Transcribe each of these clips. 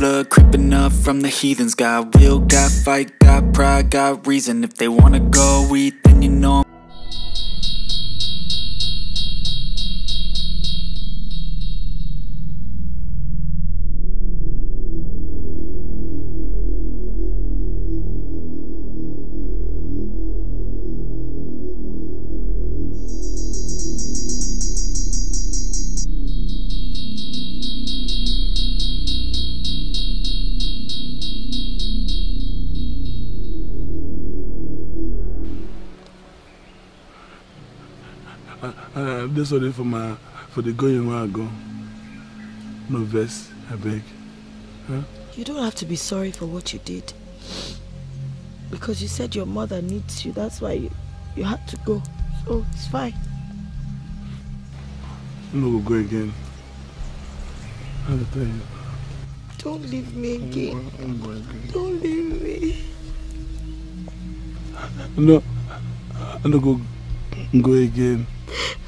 blood creeping up from the heathens Got will, got fight, got pride, got reason If they wanna go eat, then you know sorry for my for the going where I go. No verse, I beg. Huh? You don't have to be sorry for what you did. Because you said your mother needs you, that's why you, you had to go. So it's fine. I'm not go again. I'll tell you. Don't leave me again. I'm going, again. Don't leave me. No, I'm not go, go again.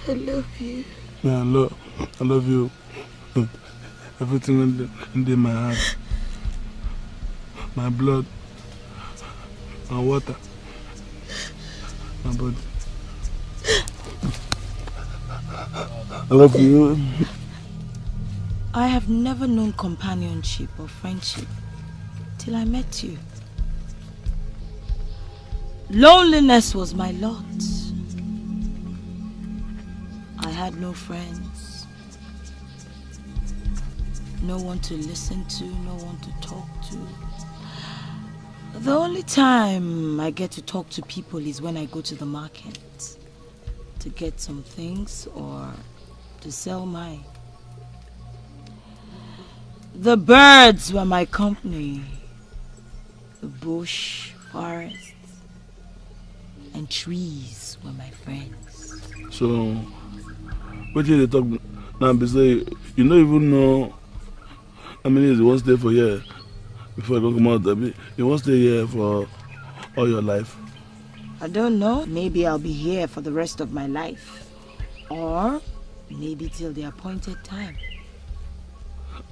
I love you. Yeah, I love, I love you. Everything in, the, in the, my heart, my blood, my water, my body. I love you. I have never known companionship or friendship till I met you. Loneliness was my lot had no friends, no one to listen to, no one to talk to. The only time I get to talk to people is when I go to the market to get some things or to sell my. The birds were my company. The bush, forests, and trees were my friends. So but you dey talk now be say you don't even know how many years you to stay for here before you come out You want to stay here for all your life. I don't know. Maybe I'll be here for the rest of my life. Or maybe till the appointed time.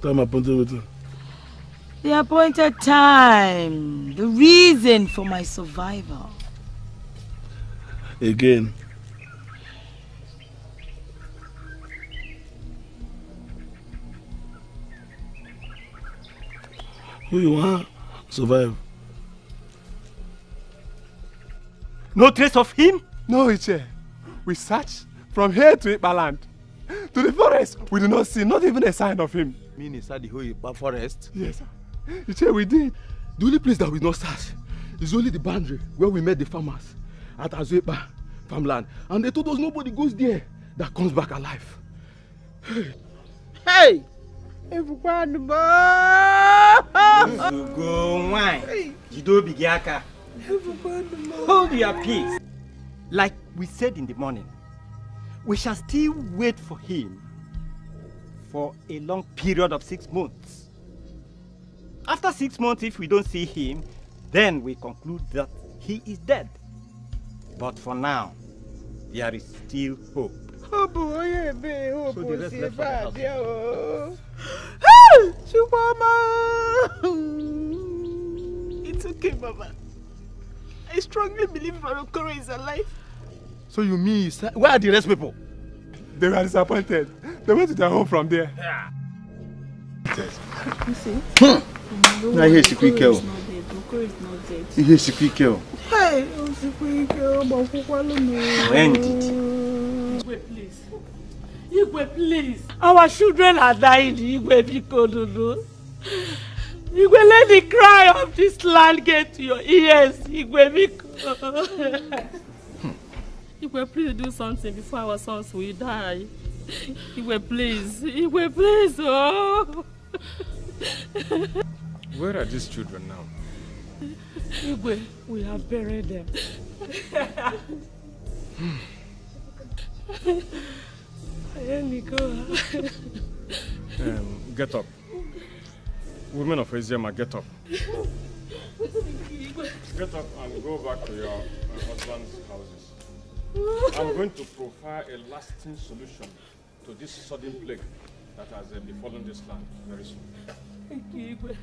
Time appointed with The appointed time. The reason for my survival. Again, who you are? survive. No trace of him? No, Iche. We search from here to Ipaland. To the forest, we do not see not even a sign of him. You mean inside the whole forest? Yes, sir. Iche, we did. The only place that we not search is only the boundary where we met the farmers at Azuepa farmland. And they told us nobody goes there that comes back alive. Hey! hey! Go wine. Jido Bigiaka. Hold your peace. Like we said in the morning, we shall still wait for him for a long period of six months. After six months, if we don't see him, then we conclude that he is dead. But for now, there is still hope. Obuoye be obu si fadi o. Chukwama. It's okay, Baba. I strongly believe Varokoro is alive. So you mean, where are the rest people? They were disappointed. They went to their home from there. You see? Hmm. No, I hear Shikwike. Okoro is not dead. I hear Shikwike. Hey, oh, Shikwike, Obakwukwalo no. When did? Igwe, please. Igwe, please. Our children are dying, Igwe Bikododo. Igwe, let the cry of this land get to your ears, Igwe Biko. Igwe, please do something before our sons will die. Igwe, please. Igwe, please. Oh. Where are these children now? Igwe, we have buried them. um, get up. Women of Eziama, get up. Get up and go back to your uh, husband's houses. I'm going to provide a lasting solution to this sudden plague that has uh, befallen this land very soon. Thank you, Igwe.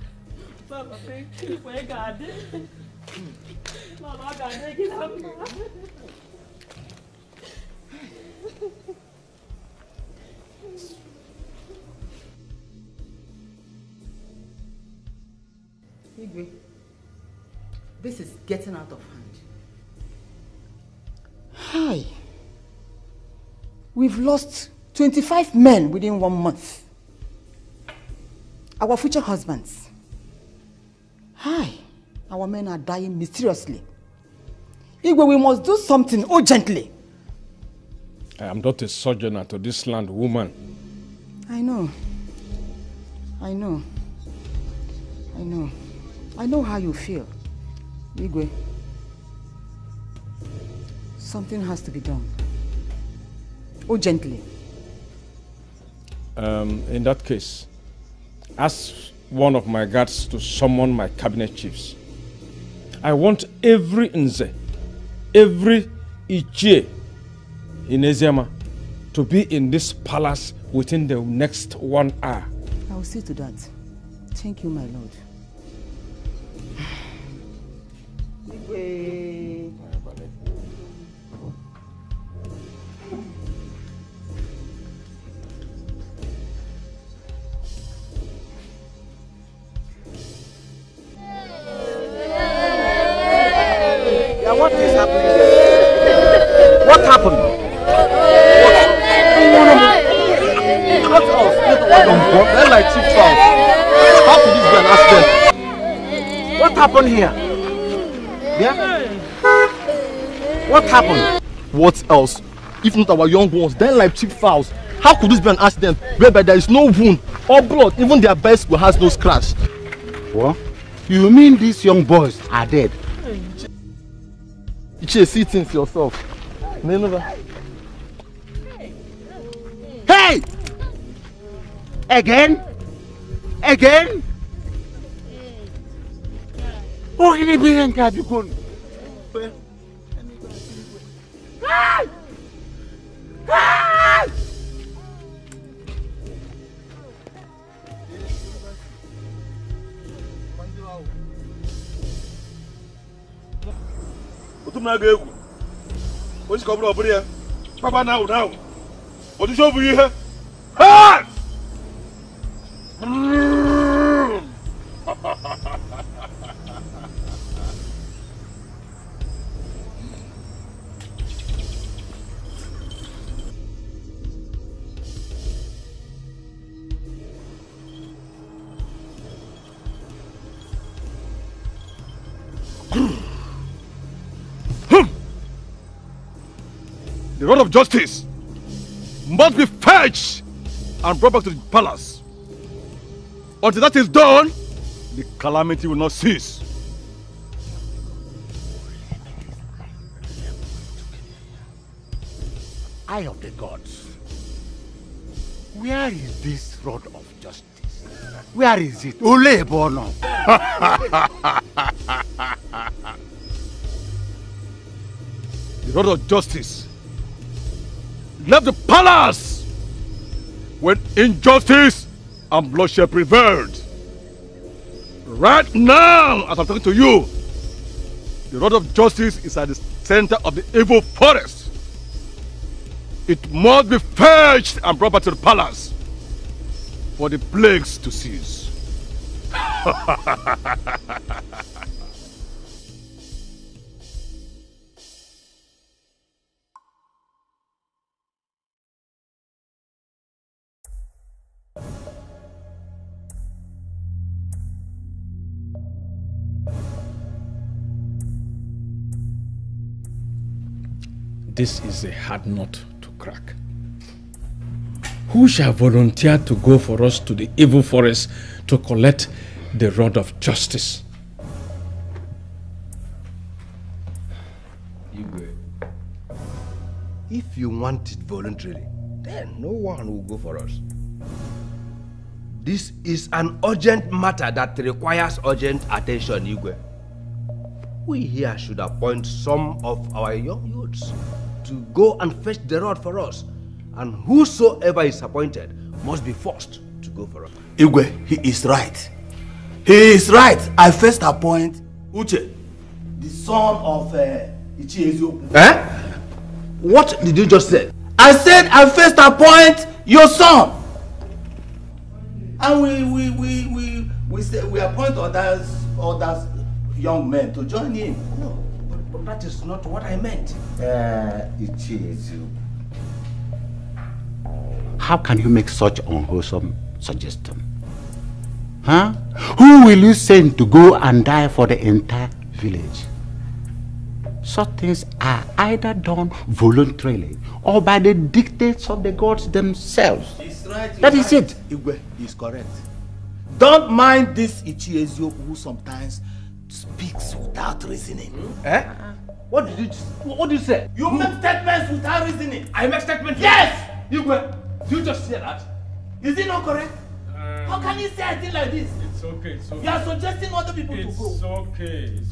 Baba, thank you, Igwe God. God, thank you. Igwe, this is getting out of hand. Hi. We've lost 25 men within one month. Our future husbands. Hi. Our men are dying mysteriously. Igwe, we must do something urgently. I am not a sojourner to this land, woman. I know. I know. I know. I know how you feel. Igwe, something has to be done. Urgently. Um, in that case, ask one of my guards to summon my cabinet chiefs. I want every Nze, every Ichie in Ezema to be in this palace within the next one hour. I will see to that. Thank you, my lord. what else? If not our young ones, then like cheap fowls. How could this be an accident whereby there is no wound or blood? Even their best has no scratch. What? You mean these young boys are dead? You should see things yourself. Hey! Again? Again? What can it be? otu m na-aga egwu onye ka ọ bụrụ ọ papa não, não. Onde ahụ ọdịcha ọ The rod of justice must be fetched and brought back to the palace. Until that is done, the calamity will not cease. Eye of the gods, where is this rod of justice? Where is it? Ole Bono! the rod of justice left the palace when injustice and bloodshed prevailed. Right now, as I'm talking to you, the rod of justice is at the center of the evil forest. It must be fetched and brought back to the palace for the plagues to cease. this is a hard nut to crack. Who shall volunteer to go for us to the evil forest to collect the rod of justice? if you want it voluntarily, then no one will go for us. This is an urgent matter that requires urgent attention, Igwe. We here should appoint some of our young youths to go and fetch the rod for us. And whosoever is appointed must be forced to go for us. Igwe, he is right. He is right. I first appoint Uche, the son of uh, Ichi Eh? What did you just say? I said I first appoint your son. And we we we we we, say, we appoint others others young men to join him. No. But that is not what I meant. Uh, it is. How can you make such unwholesome suggestion? Huh? Who will you send to go and die for the entire village? Such things are either done voluntarily or by the dictates of the gods themselves. He's right, he's that is right. it. He is correct. Don't mind this Ichiezio who sometimes speaks without reasoning. Eh? What did you what did you say? You Who? make statements without reasoning. I make statements. Yes! You go. Do you just hear that? Is it not correct? Um, How can you say a thing like this? It's okay, it's okay. You are suggesting other people it's to go. It's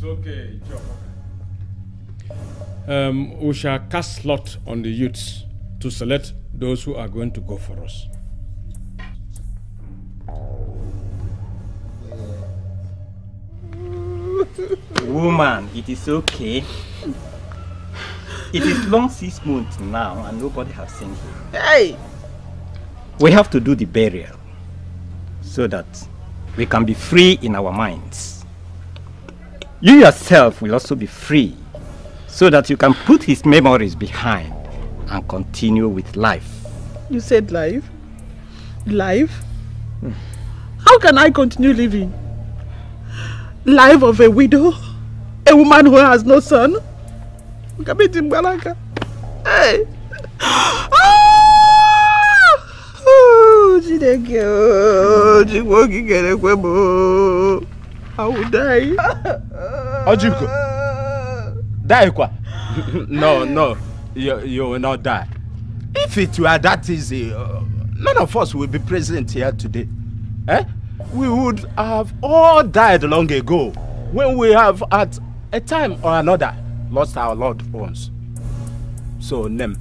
okay, it's okay, Um, we shall cast lot on the youths to select those who are going to go for us. Woman, it is okay. It is long six months now and nobody has seen him. Hey! We have to do the burial so that we can be free in our minds. You yourself will also be free so that you can put his memories behind and continue with life. You said life? Life? Hmm. How can I continue living? life of a widow, a woman who has no son. Kabiti Mbalaka. Hey. Oh, Chineke. Chikwo kikere kwe mo. I will die. Ojuko. Die kwa. No, no. You, you will not die. If it were that easy, uh, none of us will be present here today. Eh? we would have all died long ago when we have at a time or another lost our loved ones. So, Nem,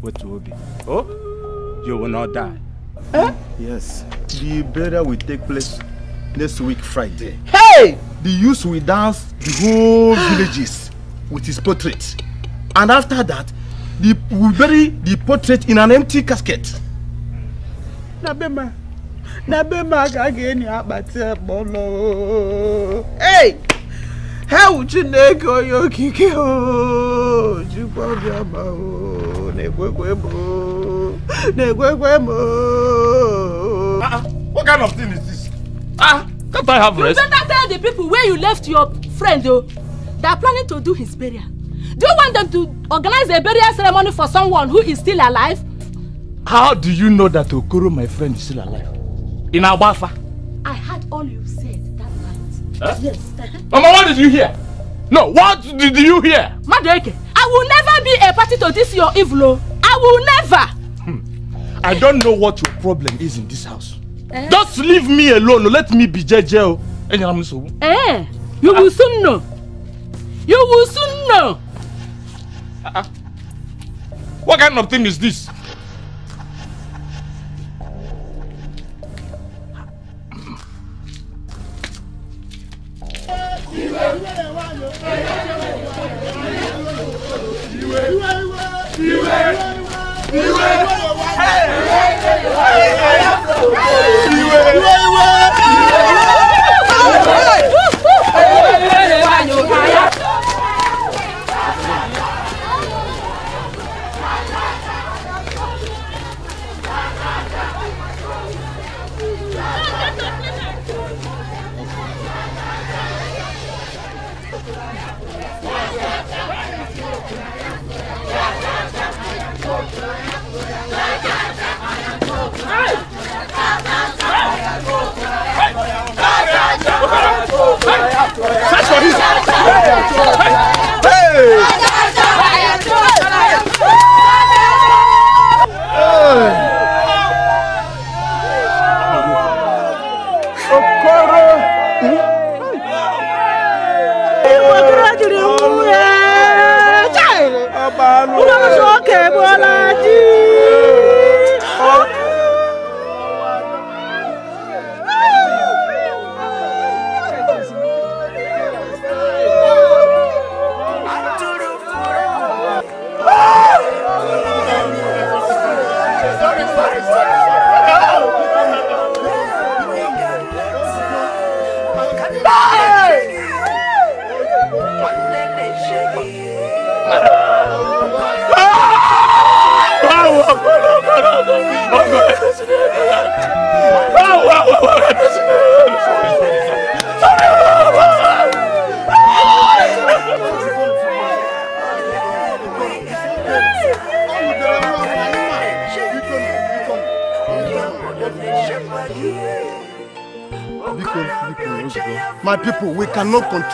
what will be? Oh, you will not die. Eh? Yes. The burial will take place next week, Friday. Hey! The youth will dance the whole villages with his portrait. And after that, the, will bury the portrait in an empty casket. Nabema na be m a ka a ga-enyi akpati akpọ nọ ei ha wụ chineke onye okike o jikwa obiọma o na-ekwekwe m na-ekwekwe m ah, ah. What kind of thing is this? Ah, can't I have rest? You better tell the people where you left your friend o. They are planning to do his burial. Do you want them to organize a burial ceremony for someone who is still alive? How do you know that Okoro, my friend, is still alive? in Abafa. Ah. I heard all you said that night. Huh? Yes. Mama, what did you hear? No, what did you hear? Madueke, I will never be a party to this your evil. Oh. I will never. Hmm. I don't know what your problem is in this house. Eh? Just leave me alone. Oh. Let me be Jeje. Oh. Eh, you will soon know. You will soon know. Uh -uh. What kind of thing is this?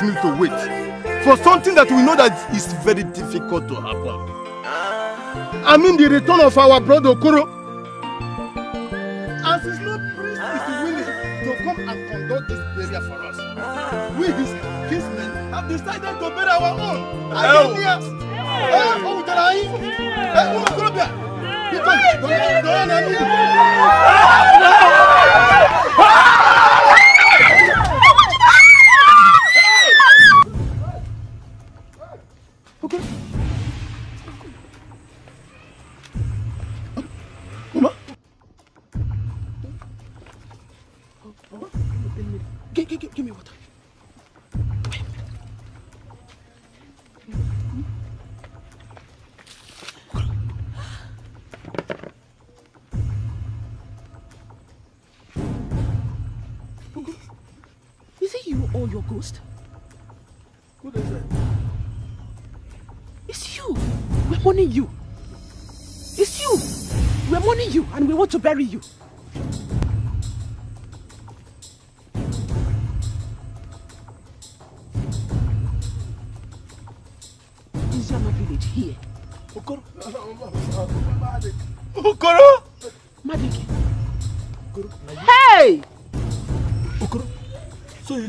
continue to wait for something that we know that is very difficult to happen. I mean the return of our brother Okoro. As his Lord priest is willing to come and conduct this burial for us, we his kinsmen have decided to bury our own. Are you here? Hey, Oudarai! Hey, Umakorobia! People, don't let me! oh, oh. Give, give, give, me water. Is it you or your ghost? Who is it? It's you. We're mourning you. It's you. We're mourning you and we want to bury you.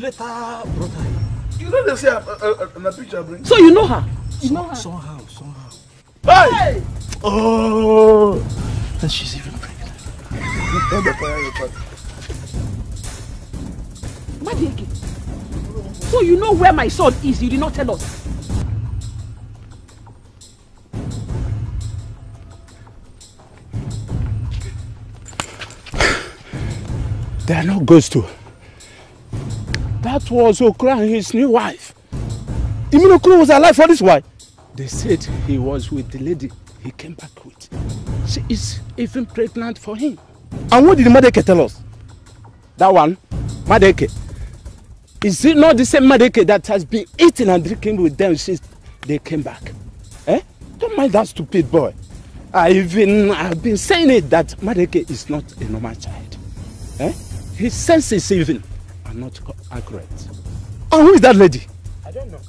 later brought her You know they say uh, uh, uh, a picture bring. So you know her? You know her? Somehow, somehow. Hey! hey! Oh! And she's even pregnant. Hold the Madiki, so you know where my son is, you did not tell us. There are no ghosts too was Okra and his new wife. Even was alive for this wife. They said he was with the lady he came back with. She is even pregnant for him. And what did Madeke tell us? That one, Madeke. Is it not the same Madeke that has been eating and drinking with them since they came back? Eh? Don't mind that stupid boy. I even I've been saying it that Madeke is not a normal child. Eh? His senses even are not accurate. And who is that lady? I don't know.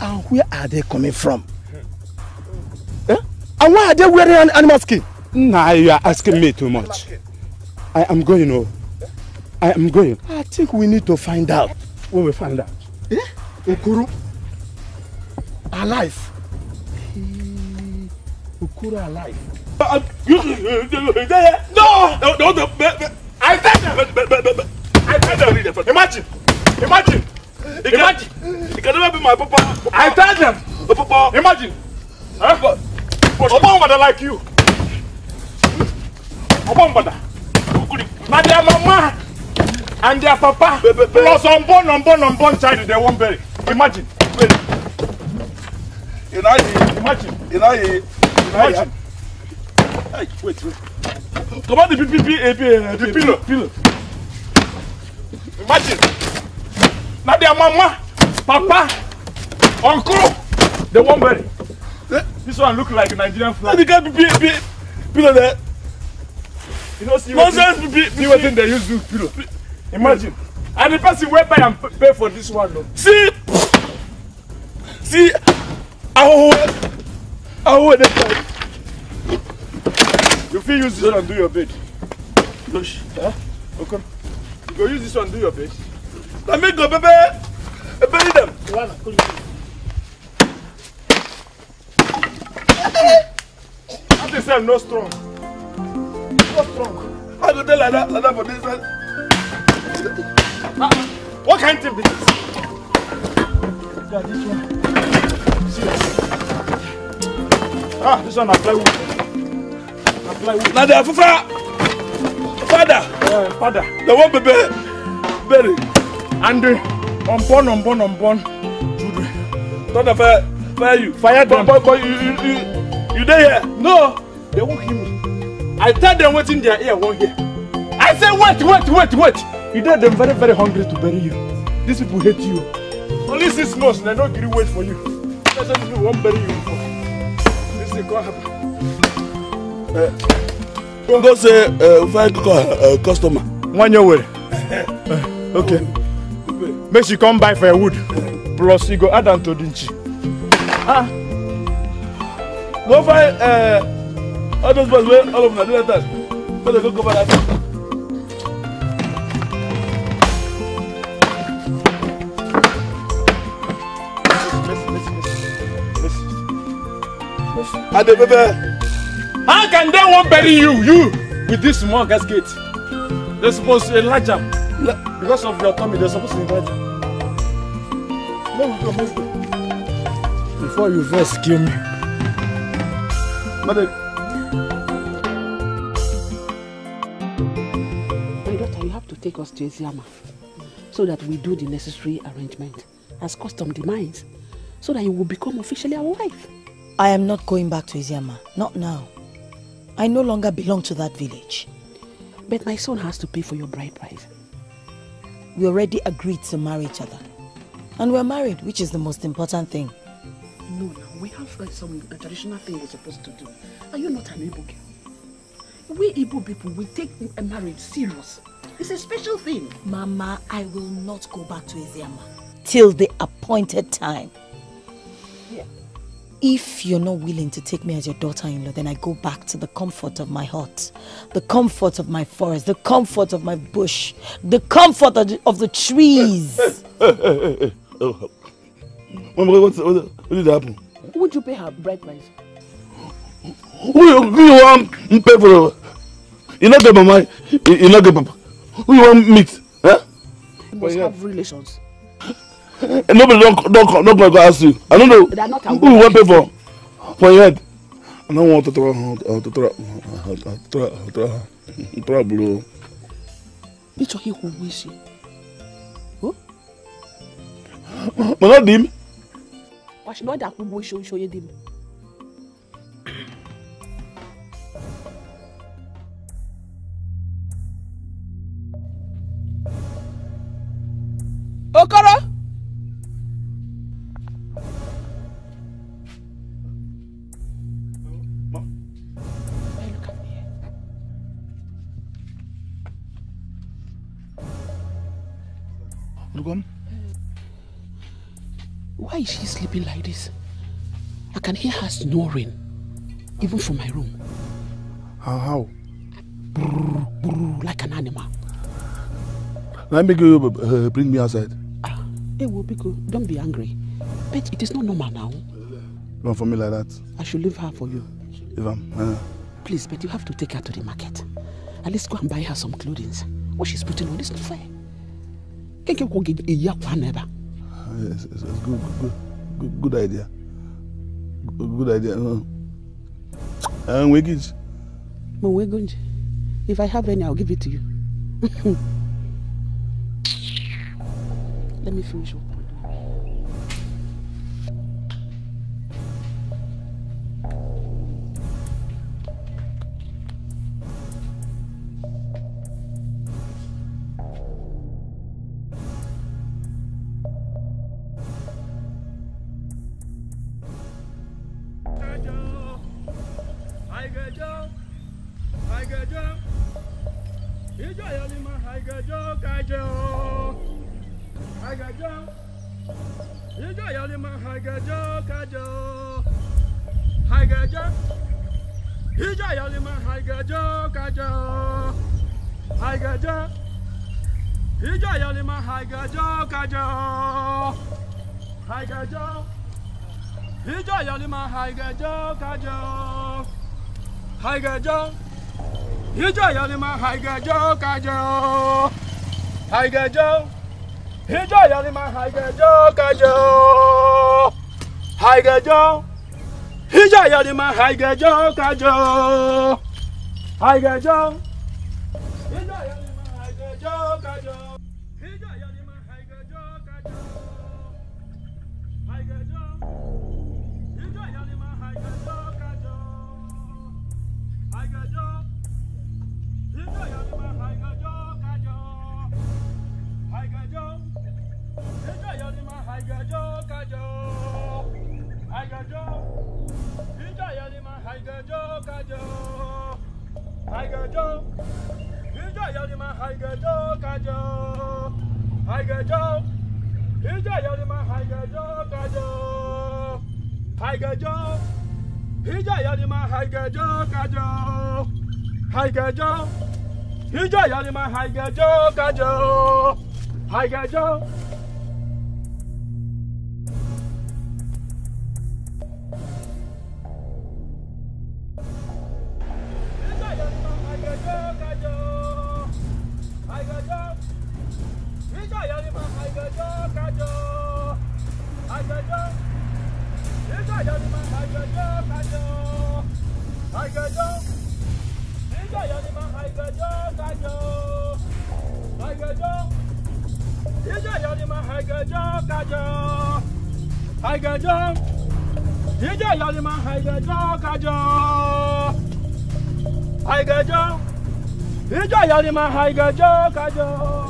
And where are they coming from? Hmm. Eh? And why are they wearing an animal skin? Nah, you are asking me too much. I am going, oh. I am going. I think we need to find out. When we find out. Eh? Okuru. Alive. He... Okuru alive. No! No, no, no. I said that! I tell them, Imagine, imagine, it imagine. it can never be my papa. papa. I tell them, oh, papa. Imagine, huh? But, but mother like you. Oba mother. Now their mama and their papa be, be, be. plus unborn, unborn, unborn child they won't bury. Imagine. You know, imagine. You know, imagine. imagine. Hey, wait, wait. Comment the the pillow. Imagine. Now their mama, papa, uncle, they won't bury. Eh? This one look like Nigerian flag. They can't be be pillow there. You know, see Nonsense what be, be, see they use to pillow. Imagine. And the person went buy and pay for this one though. See, see, oh, oh, that time. You feel use this one do your bed. Gosh, huh? Okay go use this one do your best. Let me go, baby. I Bury them. I just is I'm not strong. Not strong. I don't tell like that, like that for this one. Uh, what kind of thing this Yeah, this one. Serious. Ah, this one apply wood. Apply wood. Now they are fufa. Father. Uh, father. The one baby buried. Andre, unborn, unborn, unborn children. Don't fire, fire you. Fire them. But, but, but you, you, you, you there here? No. They won't hear me. I tell them what's in their ear won't hear. I say wait, wait, wait, wait. You tell them very, very hungry to bury you. These people hate you. Only six months, they're not going to wait for you. That's what people won't bury you for. This is going to happen. Uh, go say find customer nwanyi owere okay make she come buy for wood plus you go add am to the nchi ah go find all those boys wey all of them dey that make dem go cover that Adebebe. How can they will bury you, you, with this small gasket? They're supposed to enlarge them. Because of your tummy, they're supposed to enlarge them. Let me go, Before you first kill me. mother. My daughter, you have to take us to Eziama so that we do the necessary arrangement as custom demands so that you will become officially our wife. I am not going back to Iziama. Not now. I no longer belong to that village. But my son has to pay for your bride price. We already agreed to marry each other. And we're married, which is the most important thing. No, no, we have uh, some traditional thing we're supposed to do. Are you not an Igbo girl? We Igbo people, we take a marriage serious. It's a special thing. Mama, I will not go back to Eziama. Till the appointed time. If you're not willing to take me as your daughter in law, then I go back to the comfort of my heart, the comfort of my forest, the comfort of my bush, the comfort of the, of the trees. Oh, hey! what, what did happen? Who Would you pay her bride price? Who you want to pay for You not get mama, you not get papa. Who you want meet? Huh? Eh? You must oh, have relations. nobody don don don come go ask you i no know who you wan pay for for your head i no wan totora uh, uh, totora uh, totora totora totora blow. nítorí kí kò wí sí. mo náà dì í. ọ̀ṣun náà dà kú bu iṣu iṣu yé dì mí. okoro. Why is she sleeping like this? I can hear her snoring, even from my room. How? how? Brr, brr, like an animal. Let me go uh, uh bring me outside. Ah, be good. don't be angry. But it is not normal now. Run for me like that. I should leave her for you. Leave her. Uh. Please, but you have to take her to the market. At least go and buy her some clothing. What she's putting on is not fair. Can't get a yak one ever. Yes, it's, it's good, good, good, good idea. Good, good idea. Uh, and Wigage? No, Wigage. If I have any, I'll give it to you. Let me finish. Up. ma haigajo kajo haigajo hijo yali ma haigajo kajo haigajo hijo yali ma haigajo kajo haigajo hijo yali ma haigajo kajo haigajo àjọ àjọjọ ìjọ yẹn ni mà àjọjọ kájọ àjọjọ ìjọ yẹn ni mà àjọjọ kájọ àjọjọ ìjọ yẹn ni mà àjọjọ kájọ àjọjọ ìjọ yẹn ni mà àjọjọ kájọ àjọjọ ìjọ yẹn ni mà àjọjọ kájọ àjọjọ. 海格 jong，海格要你们海格 jong，海格 jong，要你们海格 jong，海格 jong，要你们海格 jong，海格 j o n 要你们海格 j o n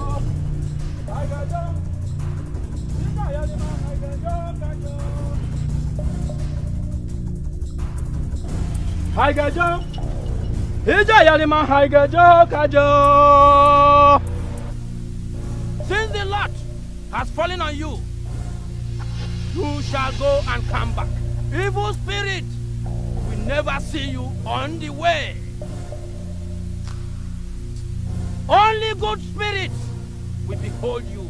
haigajo hijayalima haigajo kajo since the lot has fallen on you you shall go and come back evil spirit will never see you on the way only good spirits will behold you.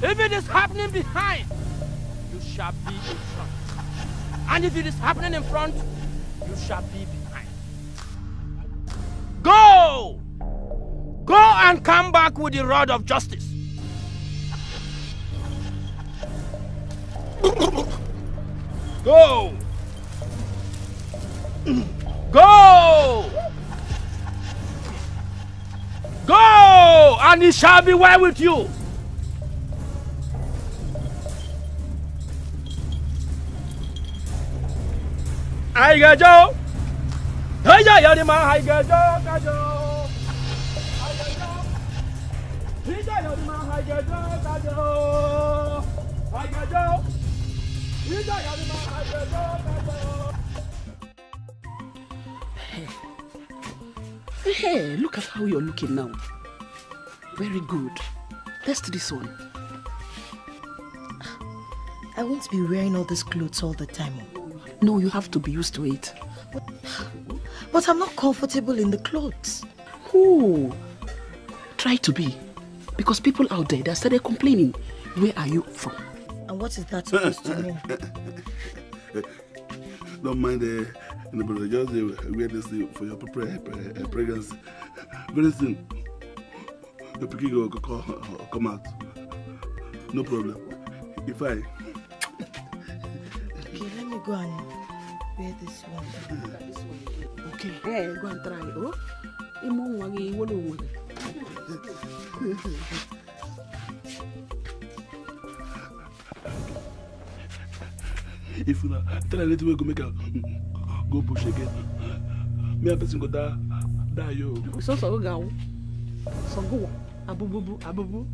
If it is happening behind, you shall be in front. And if it is happening in front, you shall be behind. Go! Go and come back with the rod of justice. Go! Go! Go! And it shall be well with you. Aigajo. Haya yarima Aigajo kajo. Aigajo. Hija yarima Aigajo kajo. Aigajo. Hija yarima Aigajo kajo. Hey. hey, look at how you're looking now. Very good. Test this one. I won't be wearing all these clothes all the time. No, you have to be used to it. But I'm not comfortable in the clothes. Who? try to be. Because people out there, they started complaining. Where are you from? And what is that supposed to mean? Don't mind the the brother, just uh, wear this for your pregnancy. Uh, uh, Very soon, the picking will come out. No problem. If I go and wear this one. Okay. Hey, eh, go and try. Oh, imu wangi wolo wangi. If you tell a little go make a go push again. Me a person go da da yo. So so go go. So go abubu abubu.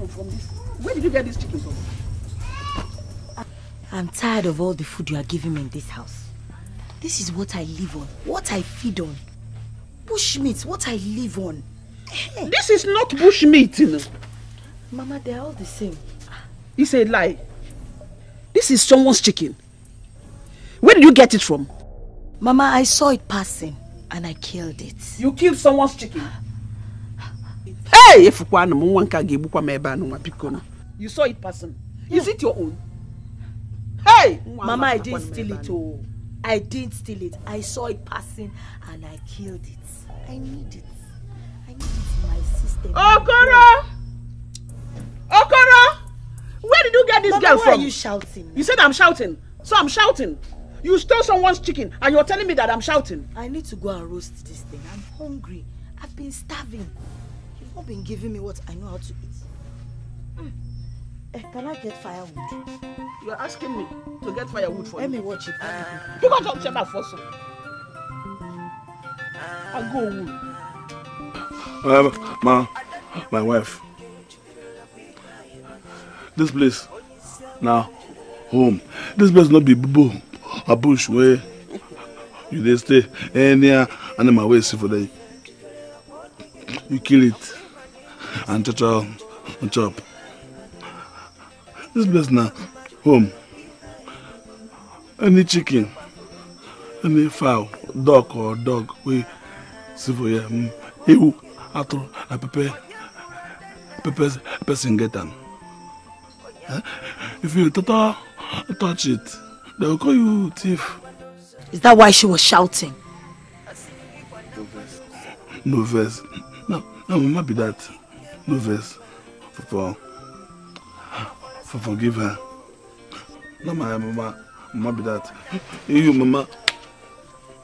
from, from this? Where did you get this chicken from? I'm tired of all the food you are giving me in this house. This is what I live on, what I feed on. Bush meat, what I live on. Eh. This is not bush meat. You know. Mama, they're all the same. It's a lie. This is someone's chicken. Where did you get it from? Mama, I saw it passing and I killed it. You killed someone's chicken? Hey, if you want, nwa nke a give you m ebe a n'ụwa You saw it person. Is hmm. it your own? Hey! Mama, I didn't steal it oh. I didn't steal it. I saw it passing and I killed it. I need it. I need it in my system. Okoro! Okoro! Where did you get this Mama, girl why from? why are you shouting? You said I'm shouting. So I'm shouting. You stole someone's chicken and you're telling me that I'm shouting. I need to go and roast this thing. I'm hungry. I've been starving. You've not been giving me what I know how to eat. Mm. Eh, can I get firewood? You are asking me to get firewood for Let you? Let me watch it. Ah. You got to check my first ah. I go wood. Um, ma, my wife. This place, now, home. This place not be boo a bush where you they stay anyhow animal wey you see for there. You kill it and total chop. This place now, home. Any chicken, any fowl, duck or dog, we see for you. Mm, ewu, ato a pepe, pepe person get am. Eh? If you total touch it, they will call you thief. Is that why she was shouting? No verse. No, no, might be that. Novice. this, For for forgive her. No, my mama. Mama be that. You, mama.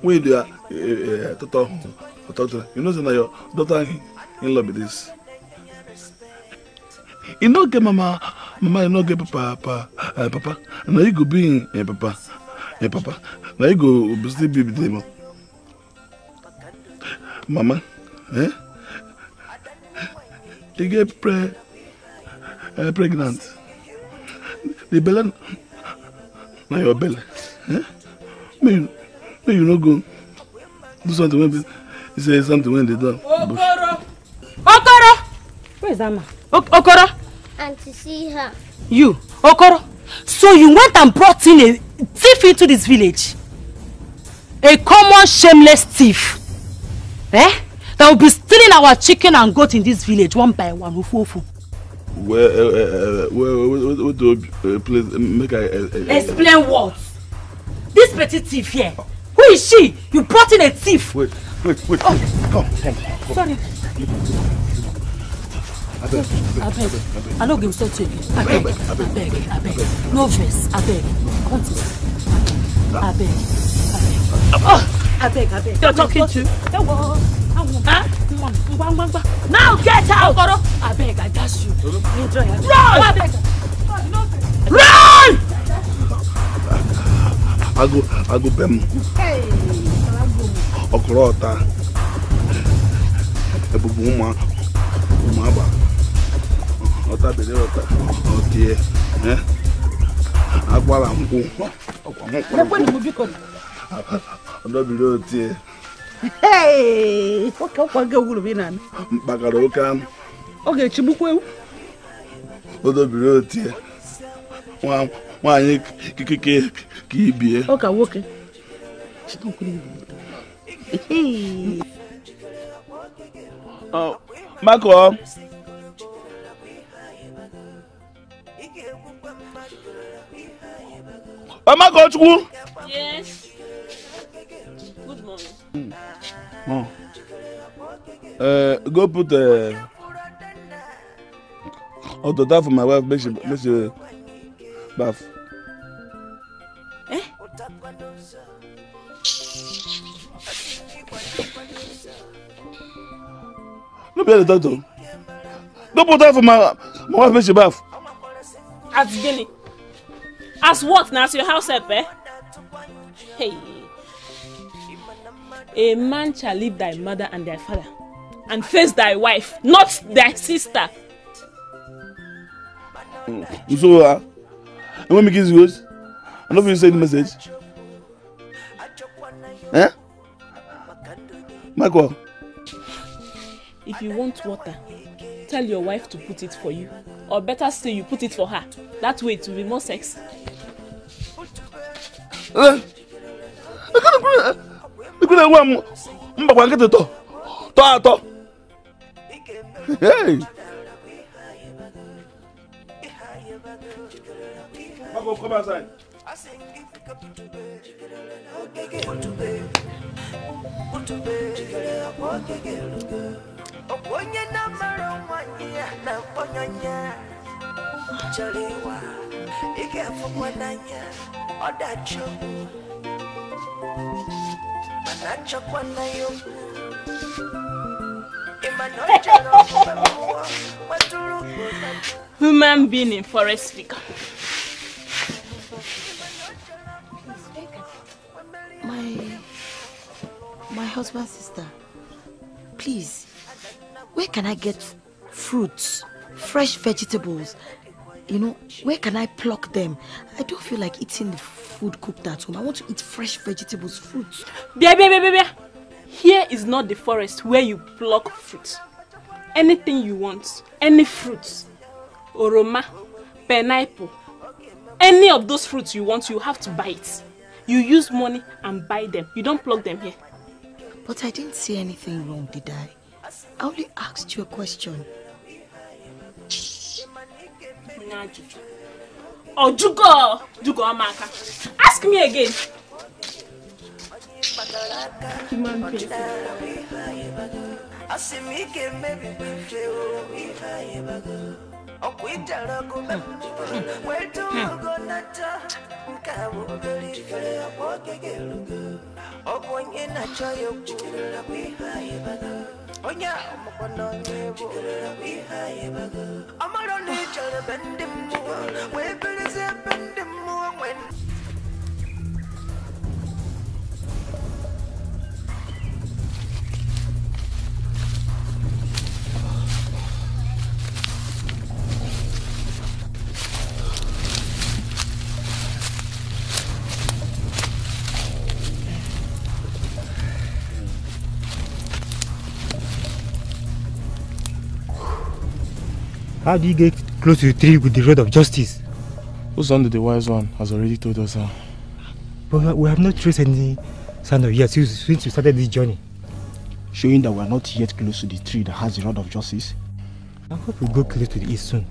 where do you uh, eh, eh, eh, Toto. Oh, Toto. You know, so your daughter in love with this. You know, get mama. Mama, you know, get papa. Papa. Uh, papa. Now you go be in, uh, papa. Uh, papa. Now you go still be with them. Mama. Eh? They get pre, uh, pregnant. The belly, now your belly. Eh? May, you, you not go do something when they say something when they done. Okoro! Okoro! Where is Amma? Ok Okoro! And to see her. You, Okoro! So you went and brought in a thief into this village? A common shameless thief? Eh? They will be stealing our chicken and goat in this village one by one. Ufufu. Well, uh, uh, uh, well, what, what do uh, please uh, make I uh, uh, uh, explain what? This petty thief here. Who is she? You brought in a thief. Wait, wait, wait. Oh. Come, come, come. Sorry. abeg abeg i no go insult you again abeg abeg abeg no vex abeg continue abeg abeg. Oh abeg abeg. I beg. to. ẹ wọ àwọn ọmọ ngbangba. now get out. ọkọrọ abeg i dash you. run abeg. run. ago ago bẹ mu. ọkọrọ ọta ebubu ụmụ ụmụ aba ọta bere ọta ọtie agbara nkwụ ọkwa nkwụ ọdọbiri otie oke ọkwa gị ogwuru bụ ịna mkpakara oke anụ ọ ga-echigbukwa ewu odobiri otie nwaanyị kikike ka ibie ọ ka nwoke makụọ ọ makụọ chukwu yes No. Hmm. Uh, eh, go put uh, hot water for my wife make she make she baff. Eh? no be like that o go put hot for my my wife make she baff. as gini as what Now as your house help eh. Hey. A man shall leave thy mother and thy father and face thy wife, not thy sister. So, uh, you want me to kiss you? I love you. Send the message. Eh? Michael. If you want water, tell your wife to put it for you. Or better still, you put it for her. That way it will be more sex. Uh, eh? I can't ikwu na-enwe m mbakwa nkịtị tọ tọọ atọ onye na-amara nwanyị ya na-akpọnye chọrọ ịwa ị ga-afụkwa n'anya ọdachi Human being in forest My my husband's sister, please, where can I get fruits, fresh vegetables, you know, where can I pluck them? I don't feel like eating the food cooked at home. I want to eat fresh vegetables, fruits. Baby, baby, baby. Here is not the forest where you pluck fruits. Anything you want, any fruits, oroma, pineapple, any of those fruits you want, you have to buy it. You use money and buy them. You don't pluck them here. But I didn't say anything wrong, did I? I only asked you a question. n'ajụjụ ọ ask me again Oh, we're gonna be high ogonye nachoyo chikirira kwihaye baga onya umukono nyebo chikirira kwihaye baga amaro nicara bendimu webeleze bendimu when How do you get close to the tree with the rod of justice? Uzandu, the wise one, has already told us how. But we have not traced any sign of yet since we started this journey. Showing that we are not yet close to the tree that has the rod of justice. I hope we go close to the east soon.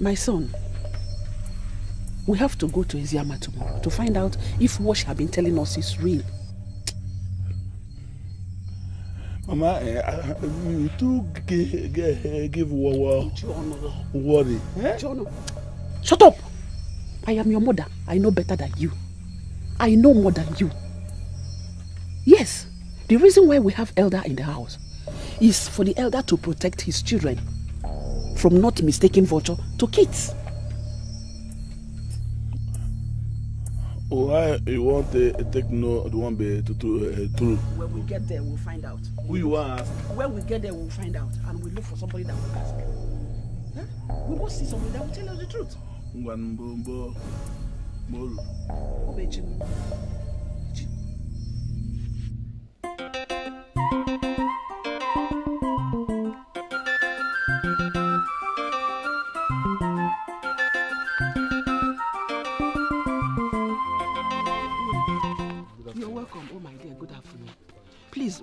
My son, we have to go to Iziama tomorrow to find out if what she has been telling us is real. Mama, you too give worry. worry. Shut up! I am your mother. I know better than you. I know more than you. Yes, the reason why we have elder in the house is for the elder to protect his children from not mistaking vulture to kids. Why oh, you want to uh, take no the one be to to uh, eh, eh, true? When we get there, we'll find out. Who you want? When we get there, we'll find out, and we look for somebody that will ask. Huh? We must see somebody that will tell us the truth. Ngwanbombo, molo. Obechimu.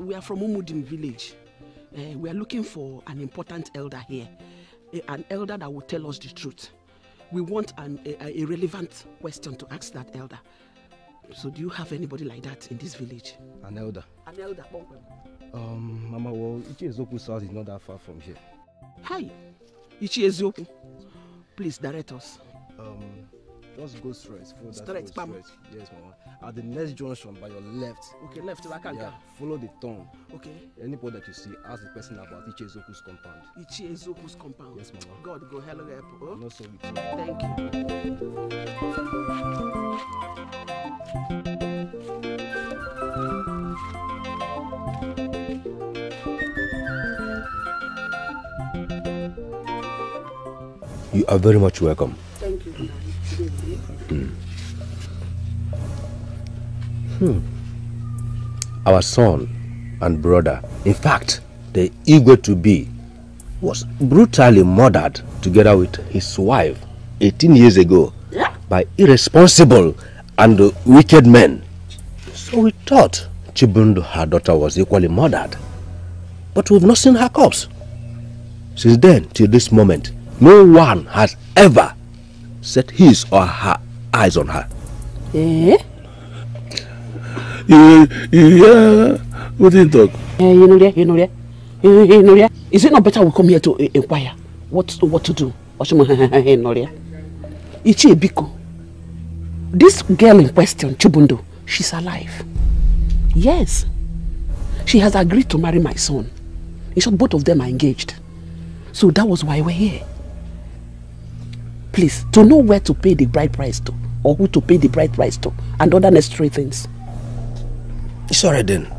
we are from Umudim village. Uh, we are looking for an important elder here, a, eh, an elder that will tell us the truth. We want an, a, a relevant question to ask that elder. So, do you have anybody like that in this village? An elder. An elder. Um, Mama, well, Ichiezoku's house is not that far from here. Hi, Ichiezoku. Please direct us. Um, Just go straight. Follow straight, straight. Yes, mama. At the next junction by your left. Okay, left. Wakanga. Yeah, follow the turn. Okay. Anybody that you see, ask the person about Ichi compound. Ichi compound. Yes, mama. God go hello help. Oh. No, so you. Thank you. You are very much welcome. Hmm. Our son and brother, in fact, the ego to be, was brutally murdered together with his wife 18 years ago by irresponsible and wicked men. So we thought Chibundu, her daughter, was equally murdered. But we've not seen her corpse. Since then, till this moment, no one has ever set his or her eyes on her. Eh? You, you hear what he talk? Eh, you know that, you know that. You, eh, you know that. Is it not better we come here to uh, inquire what to, what to do? Osimo, eh, you know that. Ichi Ebiko. This girl in question, Chubundo, she's alive. Yes. She has agreed to marry my son. In short, both of them are engaged. So that was why we're here. Please, to know where to pay the bride price to, or who to pay the bride price to, and other necessary things. It's alright then,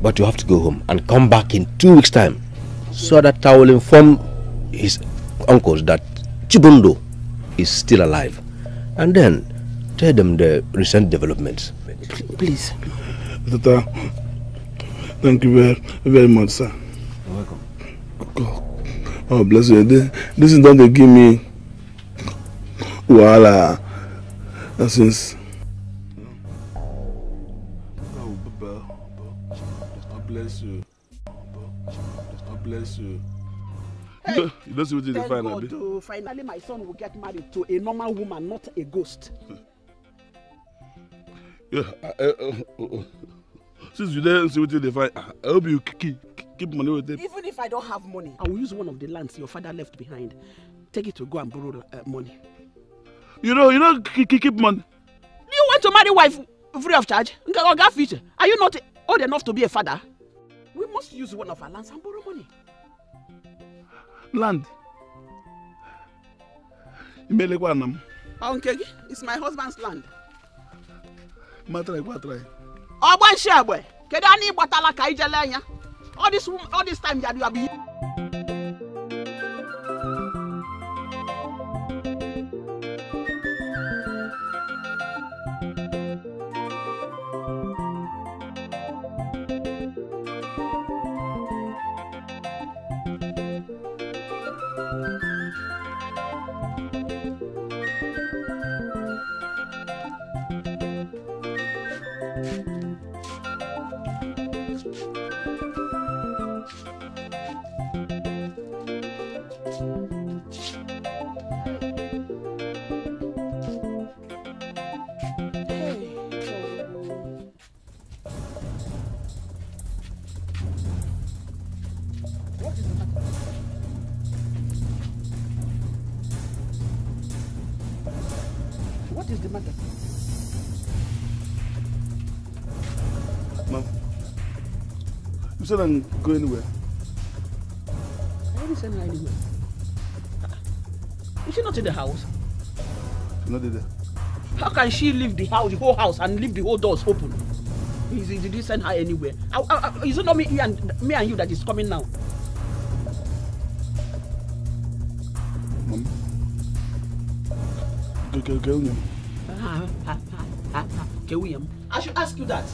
but you have to go home and come back in two weeks' time, so that I will inform his uncles that Chibundo is still alive, and then tell them the recent developments. Please. Tata, thank you very, very much, sir. You're welcome. oh, bless you. This, this is not they give me. Voila. That is. Bless you. God bless you. Hey, you, you don't see what you find God, uh, Finally, my son will get married to a normal woman, not a ghost. yeah, I, uh, uh, uh, since you didn't see what you find, I hope you keep, keep money with them. Even if I don't have money, I will use one of the lands your father left behind. Take it to go and borrow uh, money. You know, you know, keep, money. Do you want to marry wife free of charge? Oga Fisher, are you not old enough to be a father? We must use one of our lands and borrow money. Land? Imelekwa nam. Onkegi, oh, it's my husband's land. Matrai, matrai. Ogbanshi agbe, kedu anyị gbatala ka ijele anya? All this all this time you are being not go anywhere. I didn't send anywhere. Is she not in the house? She's not there. How can she leave the house, the whole house, and leave the whole doors open? Is, did you send her anywhere? I, I, is it not me, and, me and you that is coming now? Mom. Go, go, go, William. Ah, ah, ah, I should ask you that.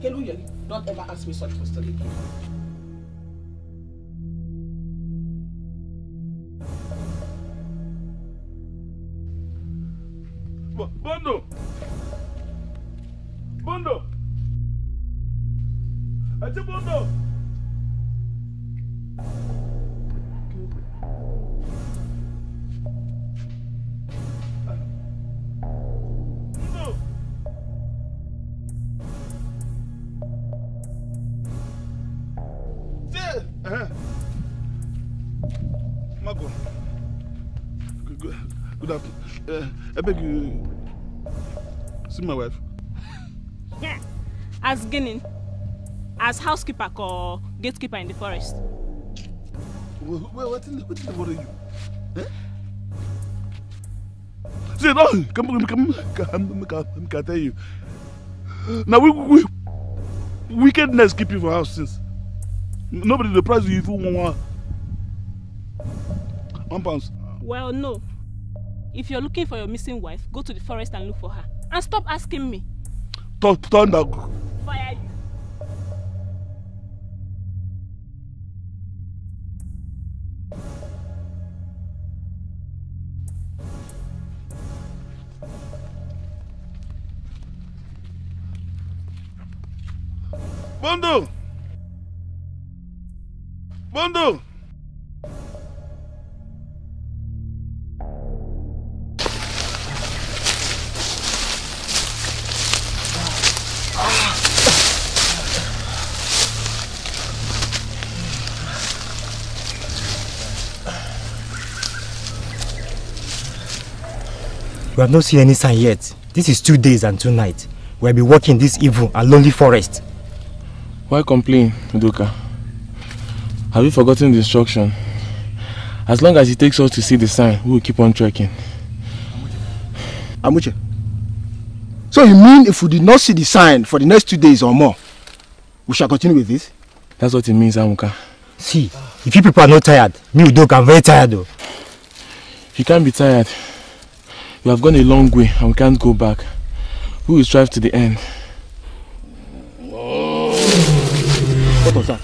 Can do not ever ask me such questions again? beg you. See my wife. Yeah. As Guinea. As housekeeper or gatekeeper in the forest. Well, what in the what are you? Eh? See, no, oh, come, come, come, come, come, come, tell you. Now we, we wickedness keep you for house since. Nobody the price you even one one pounds. Well, no. If you're looking for your missing wife, go to the forest and look for her. And stop asking me. Talk, Fire you. We have not seen any sign yet. This is two days and two nights. We'll be walking this evil and lonely forest. Why complain, Udoka? Have you forgotten the instruction? As long as it takes us to see the sign, we will keep on trekking. Amuche. So you mean if we did not see the sign for the next two days or more, we shall continue with this? That's what it means, Amuka. See, if you people are not tired, me, Udoka, I'm very tired though. You can't be tired. We have gone a long way and we can't go back. We will strive to the end. What was that?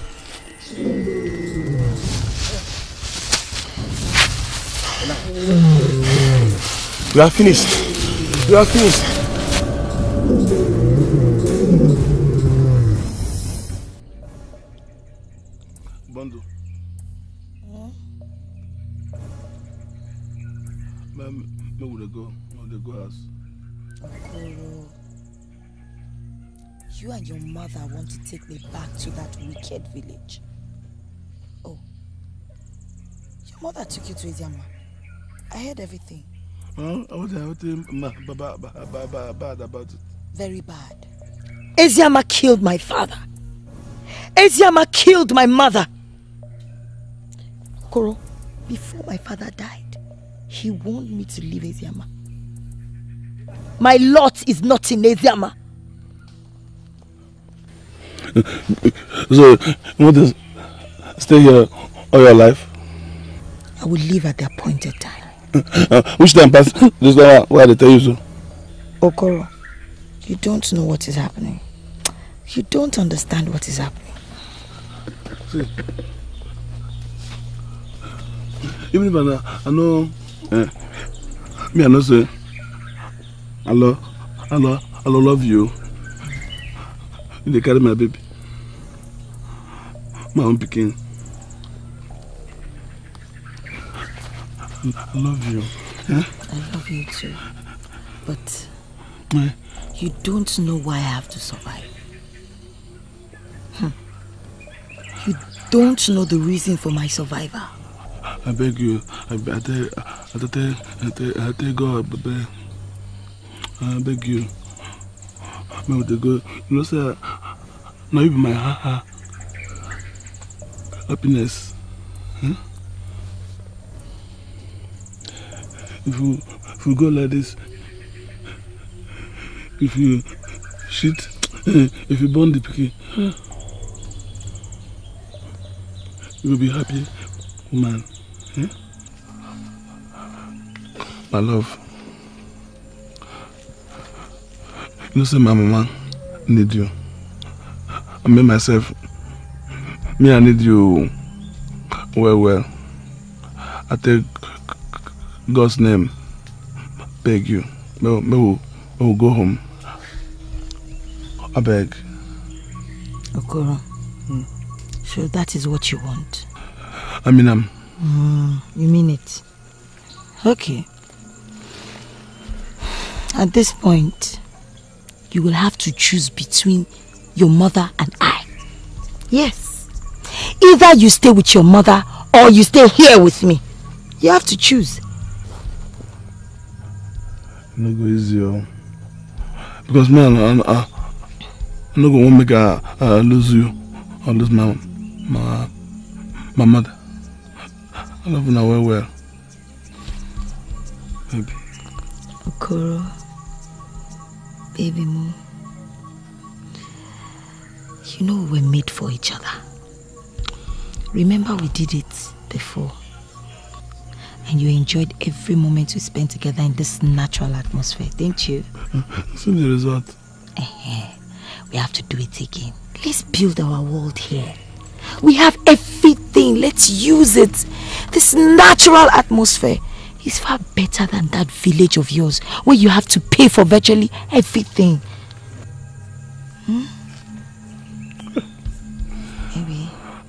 We are finished. We are finished. want to take me back to that wicked village. Oh, your mother took you to Idiama. I heard everything. Well, bad about it. Very bad. Eziama killed my father. Eziama killed my mother. Koro, before my father died, he warned me to leave Eziama. My lot is not in Eziama. So, you want to stay here all your life? I will leave at the appointed time. Uh, which time pass? This is why they tell you so. Okoro, you don't know what is happening. You don't understand what is happening. See, even if I, know, I know, eh, me I know say, I love, I love, I love you. You carry my baby my own picking. I love you. Huh? I love you too. But my... you don't know why I have to survive. Hm. You don't know the reason for my survival. I beg you. I, I, tell, I, tell, I, tell, I tell God, I beg, I beg you. I they go. You know, sir, now you be my ha ha. happiness. If you if you go like this, if you shit, if you burn the picky you will be happy, woman. My love. You know, say my mama need you. I made myself Me, I need you. Well, well. I take God's name. Beg you. Me, me, we, may go home. I beg. Okoro. Hmm. So that is what you want? I mean, I'm. mm, you mean it? Okay. At this point, you will have to choose between your mother and I. Yes. Either you stay with your mother or you stay here with me. You have to choose. No go easy, oh. Because man, I, I, I no go want make I, I lose you or lose my my my mother. I love her well, well. Baby. Okoro, baby, mom. You know we're made for each other. Remember we did it before. And you enjoyed every moment we spent together in this natural atmosphere, didn't you? so the result. Uh -huh. We have to do it again. Let's build our world here. We have everything. Let's use it. This natural atmosphere is far better than that village of yours where you have to pay for virtually everything.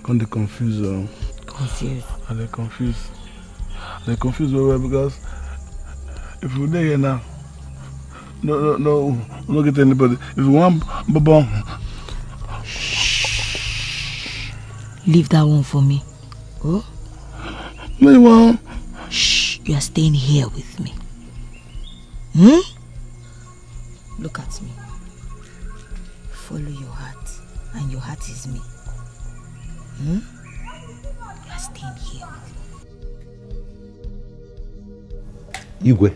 on they confuse. Um, confused. And they confuse. They confuse very well because if you lay here now, no, no, no, no get anybody. If you want bubble. Shh. Leave that one for me. Oh? No, you won't. Shh. You are staying here with me. Hmm? Look at me. Follow your heart, and your heart is me. Hmm? Last time here. Igwe,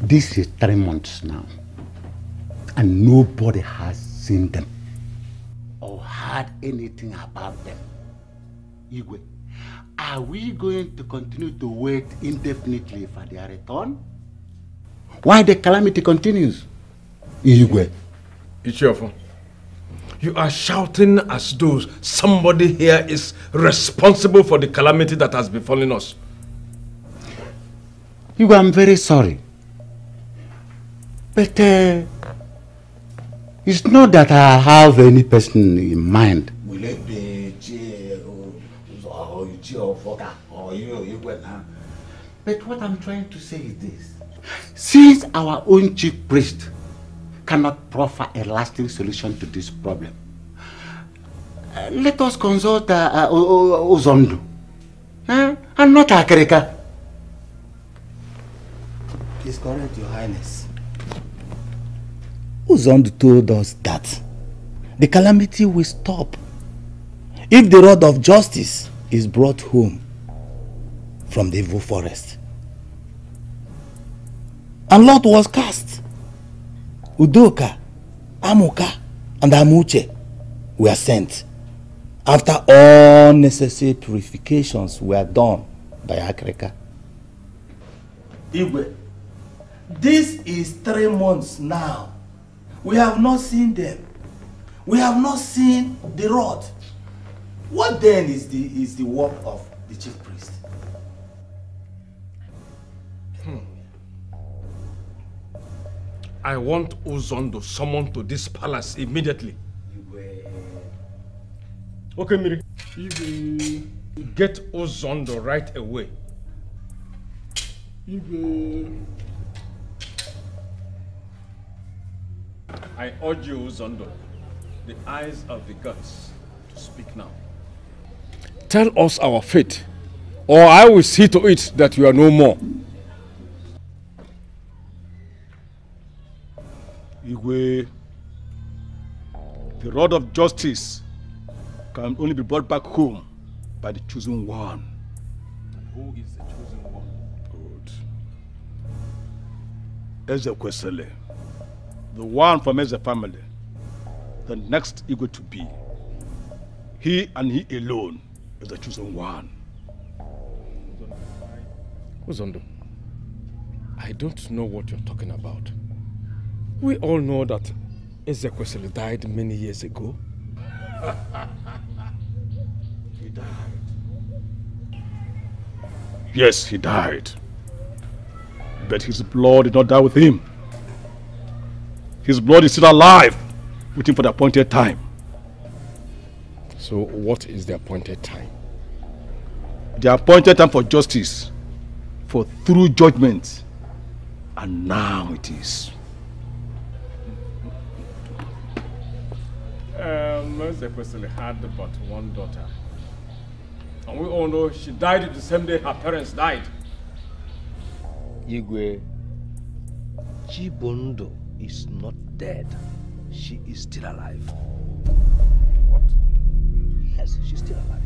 this is three months now, and nobody has seen them or heard anything about them. Igwe, are we going to continue to wait indefinitely for their return? Why the calamity continues? Igwe. fault. You are shouting as though somebody here is responsible for the calamity that has befallen us. You, I'm very sorry. But uh, it's not that I have any person in mind. Will it be But what I'm trying to say is this. Since our own chief priest cannot proffer a lasting solution to this problem. Uh, let us consult uh, uh, uh, and not Akereka. Please correct your highness. Uzondu told us that the calamity will stop if the rod of justice is brought home from the evil forest. And lot was cast Udoka, Amuka, and Amuche were sent after all necessary purifications were done by Akreka. Igwe, this is three months now. We have not seen them. We have not seen the rod. What then is the, is the work of the chief I want Uzondo summoned to this palace immediately. Okay, Miri. Igwe. Get Uzondo right away. Igwe. I urge you, Uzondo, the eyes of the gods, to speak now. Tell us our fate, or I will see to it that you are no more. Igwe, the rod of justice can only be brought back home by the chosen one. who is the chosen one? Good. Ezekwesele, the one from Eze family, the next Igwe to be. He and he alone is the chosen one. the? I don't know what you're talking about. We all know that Ezekiel died many years ago. he died. Yes, he died. But his blood did not die with him. His blood is still alive, waiting for the appointed time. So what is the appointed time? The appointed time for justice, for true judgment. And now it is. Mrs. Um, Mr. had but one daughter. And we all know she died the same day her parents died. Igwe, Chibondo is not dead. She is still alive. What? Yes, she's still alive.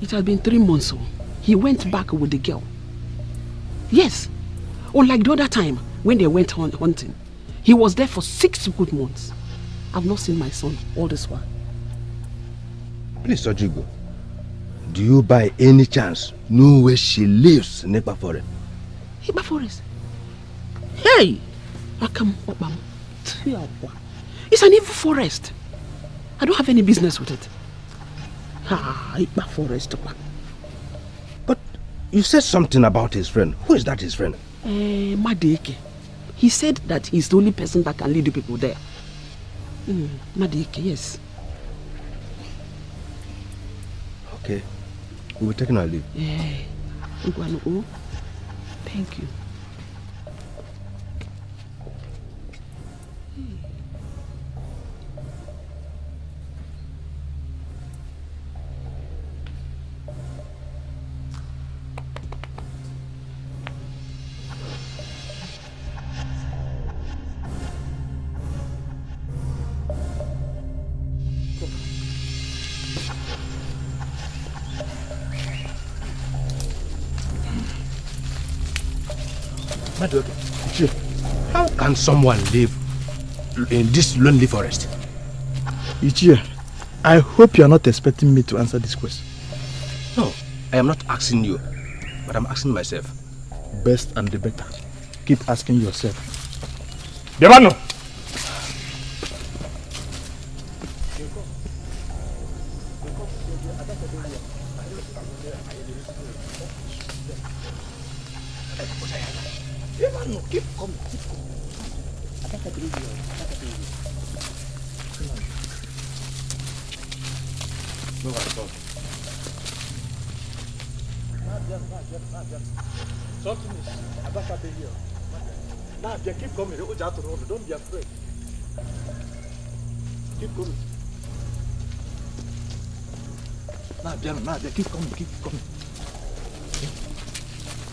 It had been three months. Oh. He went back with the girl. Yes. Unlike the other time when they went on hunting, he was there for six good months. I've not seen my son all this while. Please, Ojigo, do you by any chance know where she lives in Ipa Forest? Ipa Forest? Hey! It's an evil forest. I don't have any business with it. Ah, Ipa Forest. You said something about his friend. Who is that his friend? Uh, He said that he's the only person that can lead the people there. Mm, yes. Okay. We'll be taking our leave. Yeah. Oh, thank you. can someone live in this lonely forest? Ichia, I hope you are not expecting me to answer this question. No, I am not asking you, but I'm asking myself. Best and the better. Keep asking yourself. Devano!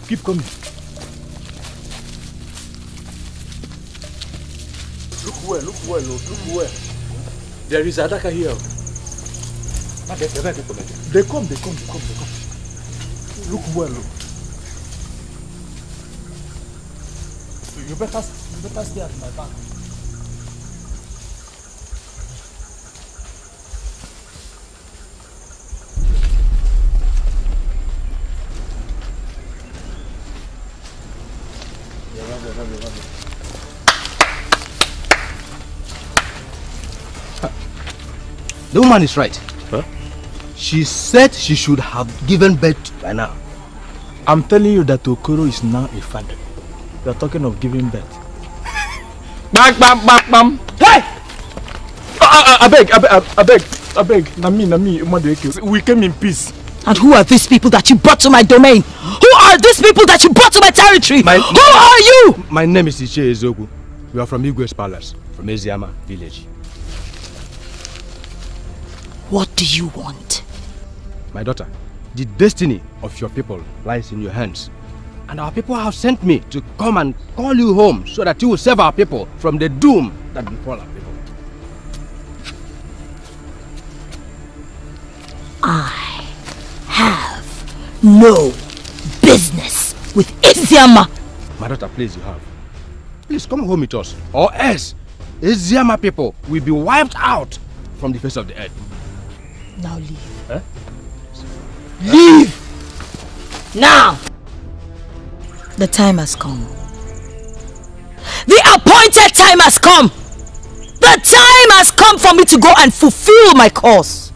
keep coming. Look well, look well, look well. There is Adaka here. They come, they come, they come, they come. Look well. look. You better, you better stay at my back. The woman is right. Huh? She said she should have given birth by now. I'm telling you that Okoro is now a father. You are talking of giving birth. bam, bam, bam, bam. Hey! I, ah, I, ah, I ah, beg, I, I, I beg, I beg. Nami, Nami, Umadeke. We came in peace. And who are these people that you brought to my domain? Who are these people that you brought to my territory? My, who are you? My name is Iche Ezogu. We are from Igwe's palace, from Eziama village. What do you want? My daughter, the destiny of your people lies in your hands. And our people have sent me to come and call you home so that you will save our people from the doom that befall our people. I have no business with Iziama. My daughter, please, you have. Please come home with us, or else Iziama people will be wiped out from the face of the earth. Now leave. Huh? Leave! Now! The time has come. The appointed time has come! The time has come for me to go and fulfill my course.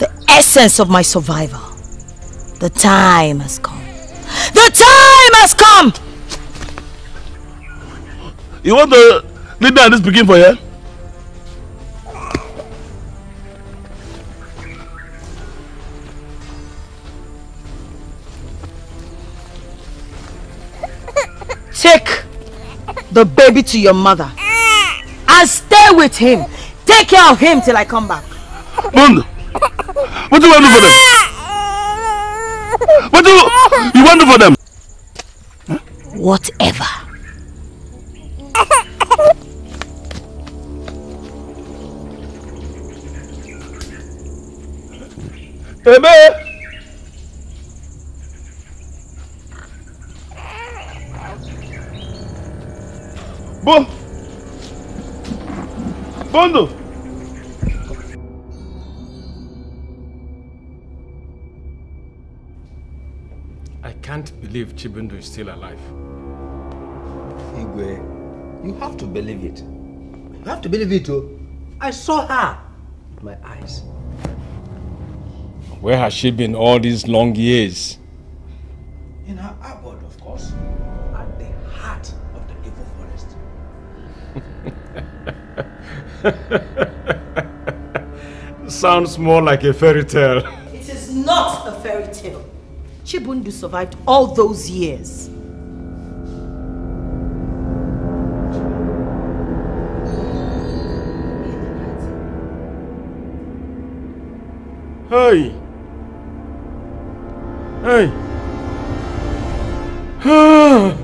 The essence of my survival. The time has come. The time has come! You want the leader and this begin for you? Take the baby to your mother and stay with him. Take care of him till I come back. Mom, what do I do for them? What do you, want to do for them? Huh? Whatever. Hey, Bo! Bondo! I can't believe Chibundo is still alive. Igwe, you have to believe it. You have to believe it, oh. I saw her with my eyes. Where has she been all these long years? In her abode, of course. At the heart Sounds more like a fairy tale. It is not a fairy tale. Chibundu survived all those years. Hey! Hey! Ah.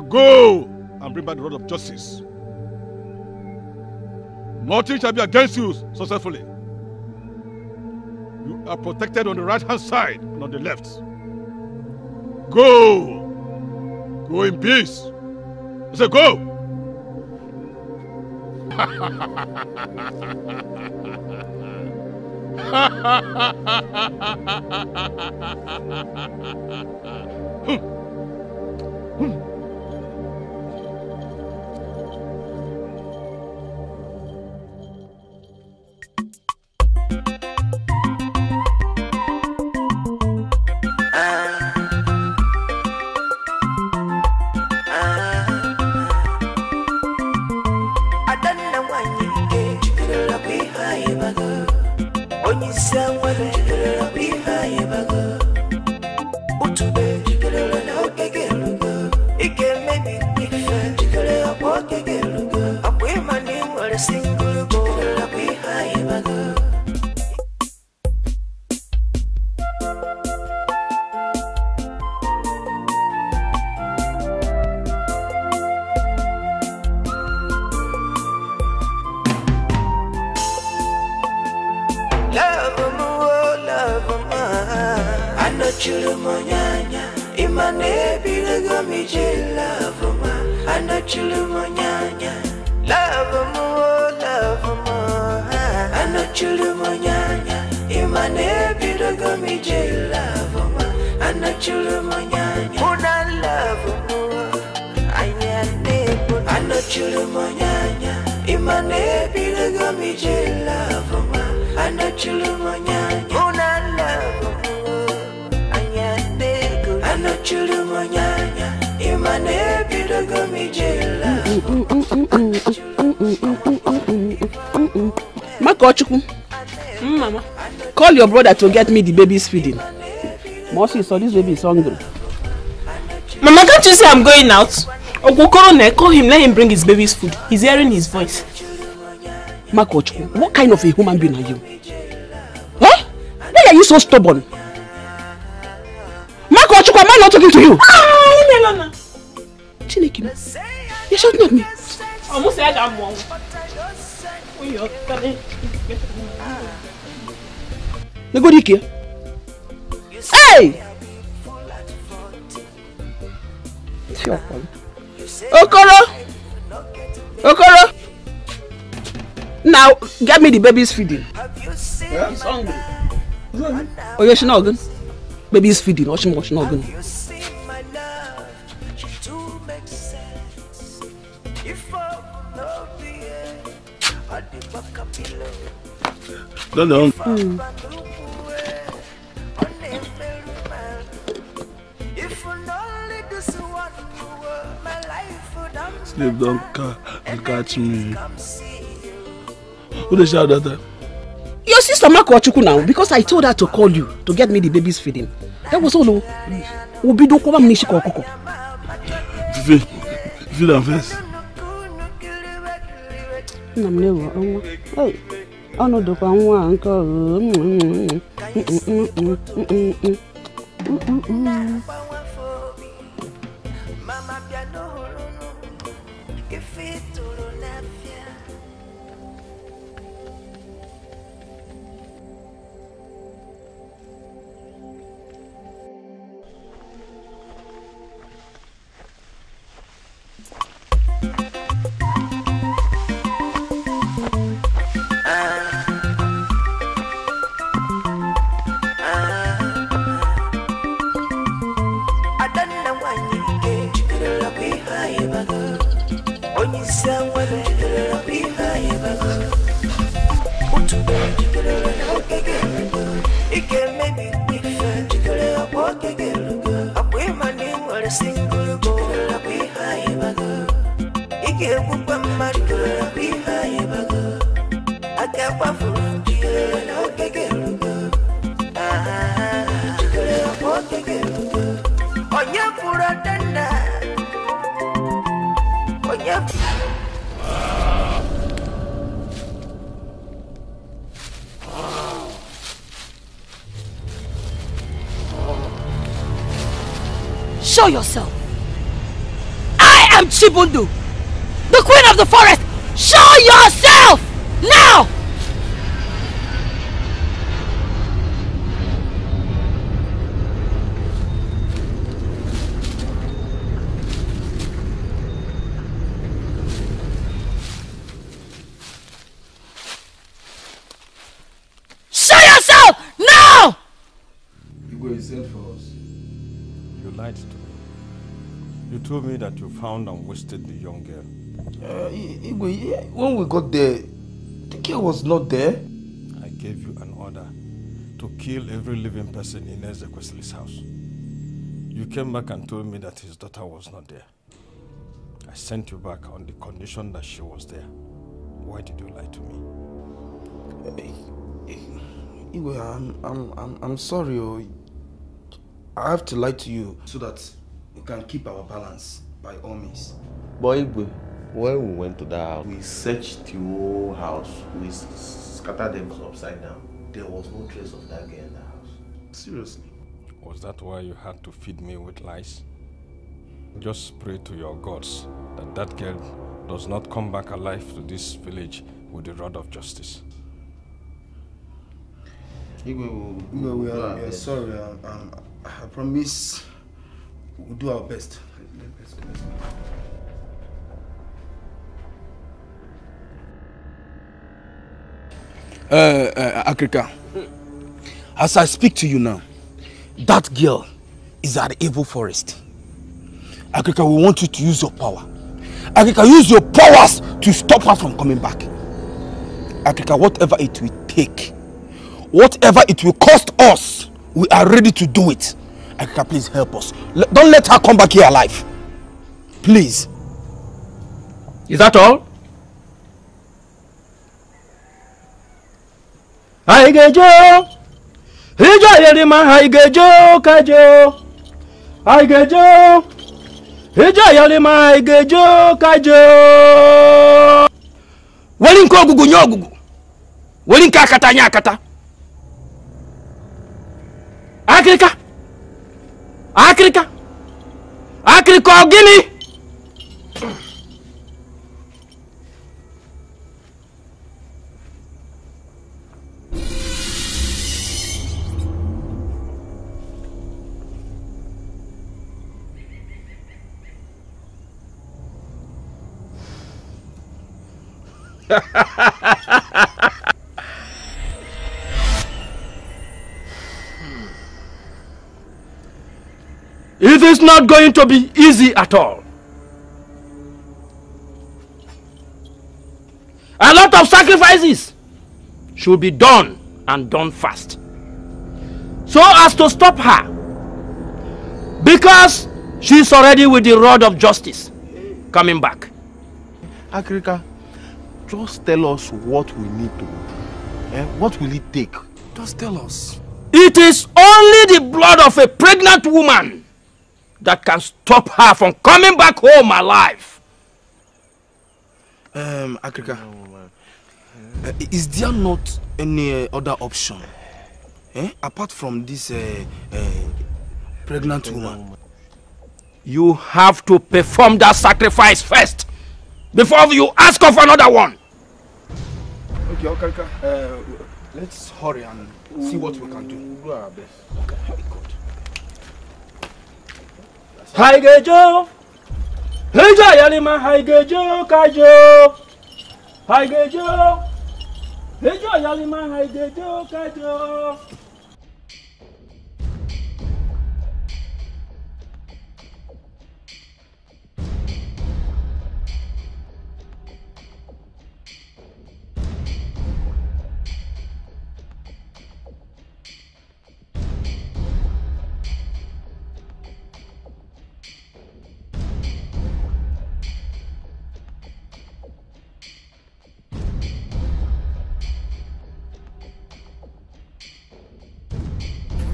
go and bring back the rod of justice. Nothing shall be against you successfully. You are protected on the right hand side and on the left. Go! Go in peace. I said, go! Hmm. your brother to get me the baby's feeding. Mercy, so this baby is hungry. Mama, can't you see I'm going out? Okwokoro call him, let him bring his baby's food. He's hearing his voice. Makochku, what kind of a human being are you? Huh? Why are you so stubborn? here. Hey! Okoro! Okoro! Now, get me the baby's feeding. he's hungry. Oh, yeah, she's not good. Baby's feeding. Watch him, watch him, not good. No, no. Mm. sleep don catch me who dey shout that time your sister makwachukwu now because i told her to call you to get me the baby's feeding that was all o obido kwaba m n'ishika ọkụkọ feed am first nna m na-ewe ọnwa ọnọdụkwa nwa a nke ọrụ Found and wasted the young girl. Uh, when we got there, the girl was not there. I gave you an order to kill every living person in Ezekwesili's house. You came back and told me that his daughter was not there. I sent you back on the condition that she was there. Why did you lie to me? Uh, Igwe, I'm, I'm, I'm, I'm sorry. Oh. I have to lie to you so that we can keep our balance by all means. Boy, when we went to that house, we searched the whole house. We scattered them upside down. There was no trace of that girl in the house. Seriously. Was that why you had to feed me with lies? Just pray to your gods that that girl does not come back alive to this village with the rod of justice. Igwe, we, we, are, we are sorry. Um, um, I promise we'll do our best. It's good. Uh, uh as I speak to you now, that girl is at the Evil Forest. Akrika, we want you to use your power. Akrika, use your powers to stop her from coming back. Akrika, whatever it will take, whatever it will cost us, we are ready to do it. Akika, please help us. L don't let her come back here alive. Please. Is that all? anyị ga-eje ije ayere ma ha anyị ga-eje ka jee anyị ga-eje ije ayere ma anyị ka jee weli akata nye akata África! África ou Guiné! Ha ha ha ha! It is not going to be easy at all. A lot of sacrifices should be done and done fast. So as to stop her. Because she's already with the rod of justice coming back. Agrika, just tell us what we need to do. Eh? What will it take? Just tell us. It is only the blood of a pregnant woman that can stop her from coming back home alive. Um, Akrika, uh, is there not any uh, other option? Eh? Apart from this uh, uh, pregnant woman? You have to perform that sacrifice first before you ask of another one. Okay, Akrika, okay, uh, let's hurry and see what we can do. Okay, haigejo hija yalima haigejo kajo haigejo hija yalima haigejo kajo.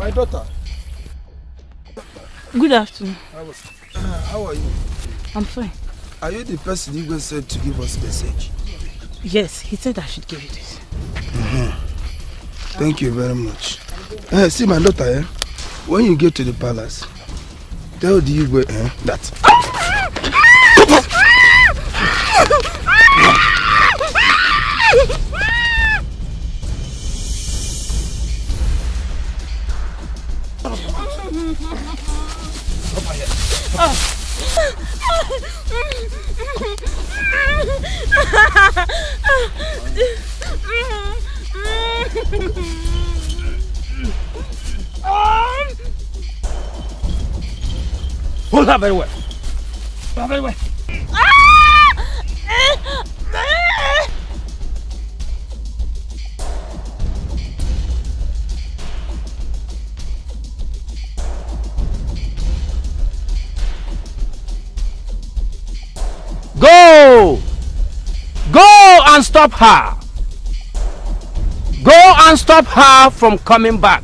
My daughter. Good afternoon. How, uh, how are you? I'm fine. Are you the person Igwe said to give us message? Yes, he said I should give you this. Mm -hmm. Thank you very much. Uh, see my daughter, eh? when you get to the palace, tell the Igwe eh, that... Oh, that very well. That very well. Go! Go and stop her. Go and stop her from coming back.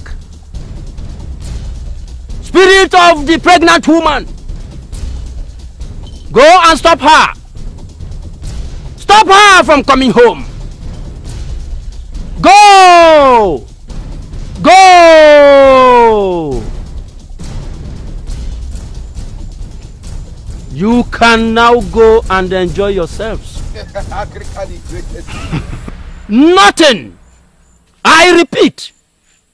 Spirit of the pregnant woman. Go and stop her. Stop her from coming home. Go! Go! You can now go and enjoy yourselves. nothing, I repeat,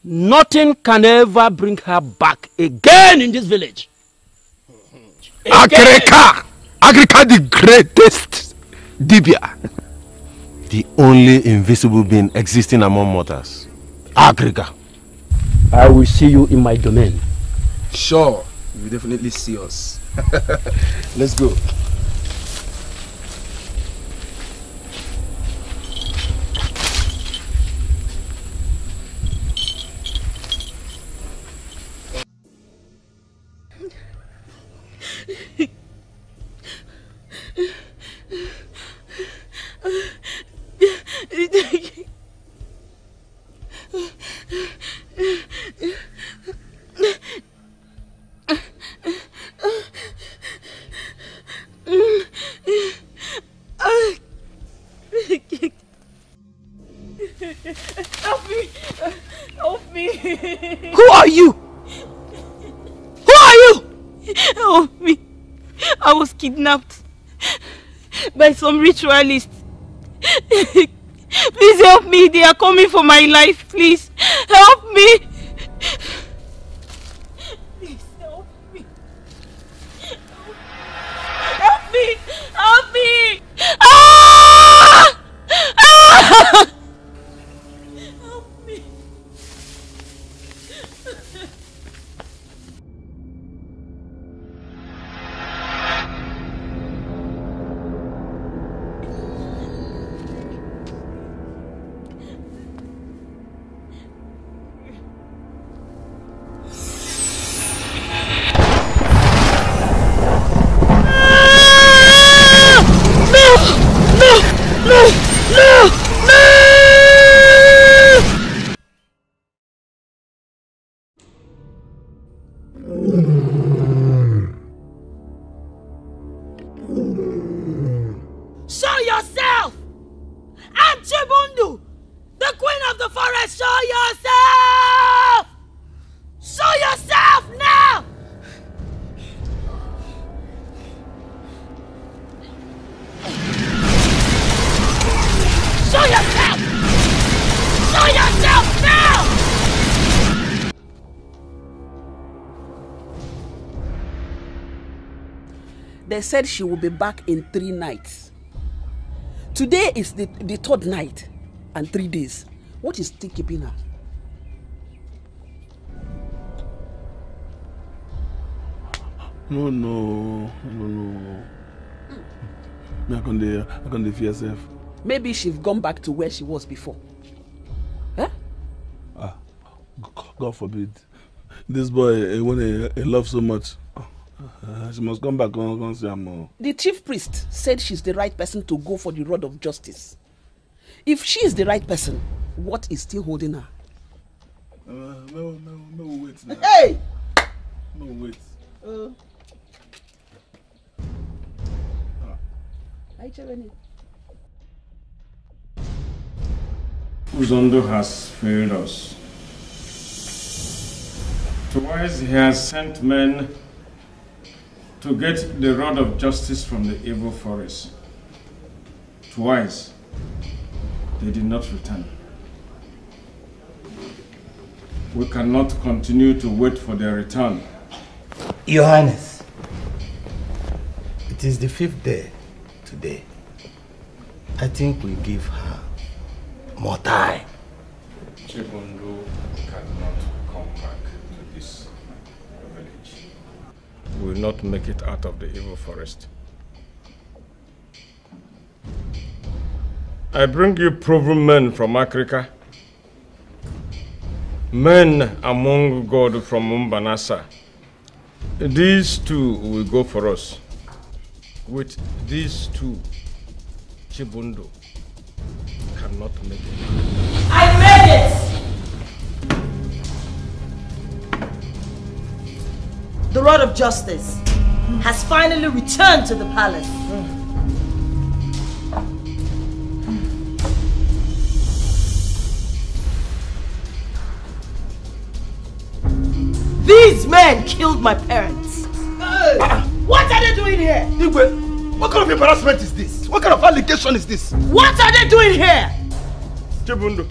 nothing can ever bring her back again in this village. Agrika, Agrika the greatest Dibia. The only invisible being existing among mortals. Agrika. I will see you in my domain. Sure, you will definitely see us. Let's go. Help me! Help me! Who are you? Who are you? Help me! I was kidnapped by some ritualists. please help me, they are coming for my life. Please help me! help me! Help me! Ah! Ah! They said she will be back in three nights. Today is the, the third night and three days. What is still keeping her? No, no, no, no. I can't, I can't fear herself. Maybe she's gone back to where she was before. Huh? Eh? Ah, God forbid. This boy, eh, when he, he loves so much, Ah, she must come back and, see say i The chief priest said she's the right person to go for the rod of justice. If she is the right person, what is still holding her? Uh, no, no, no, wait now. Hey! No, wait. Uh. Uzondo has failed us. Twice he has sent men to get the rod of justice from the evil forest. Twice, they did not return. We cannot continue to wait for their return. Your Highness, it is the fifth day today. I think we give her more time. Chibundu. will not make it out of the evil forest. I bring you proven men from Africa, men among God from Mbanasa. These two will go for us. With these two, Chibundo cannot make it. I made it! the rod of justice has finally returned to the palace. These men killed my parents. what are they doing here? Igwe, what kind of embarrassment is this? What kind of allegation is this? What are they doing here? Chibundo,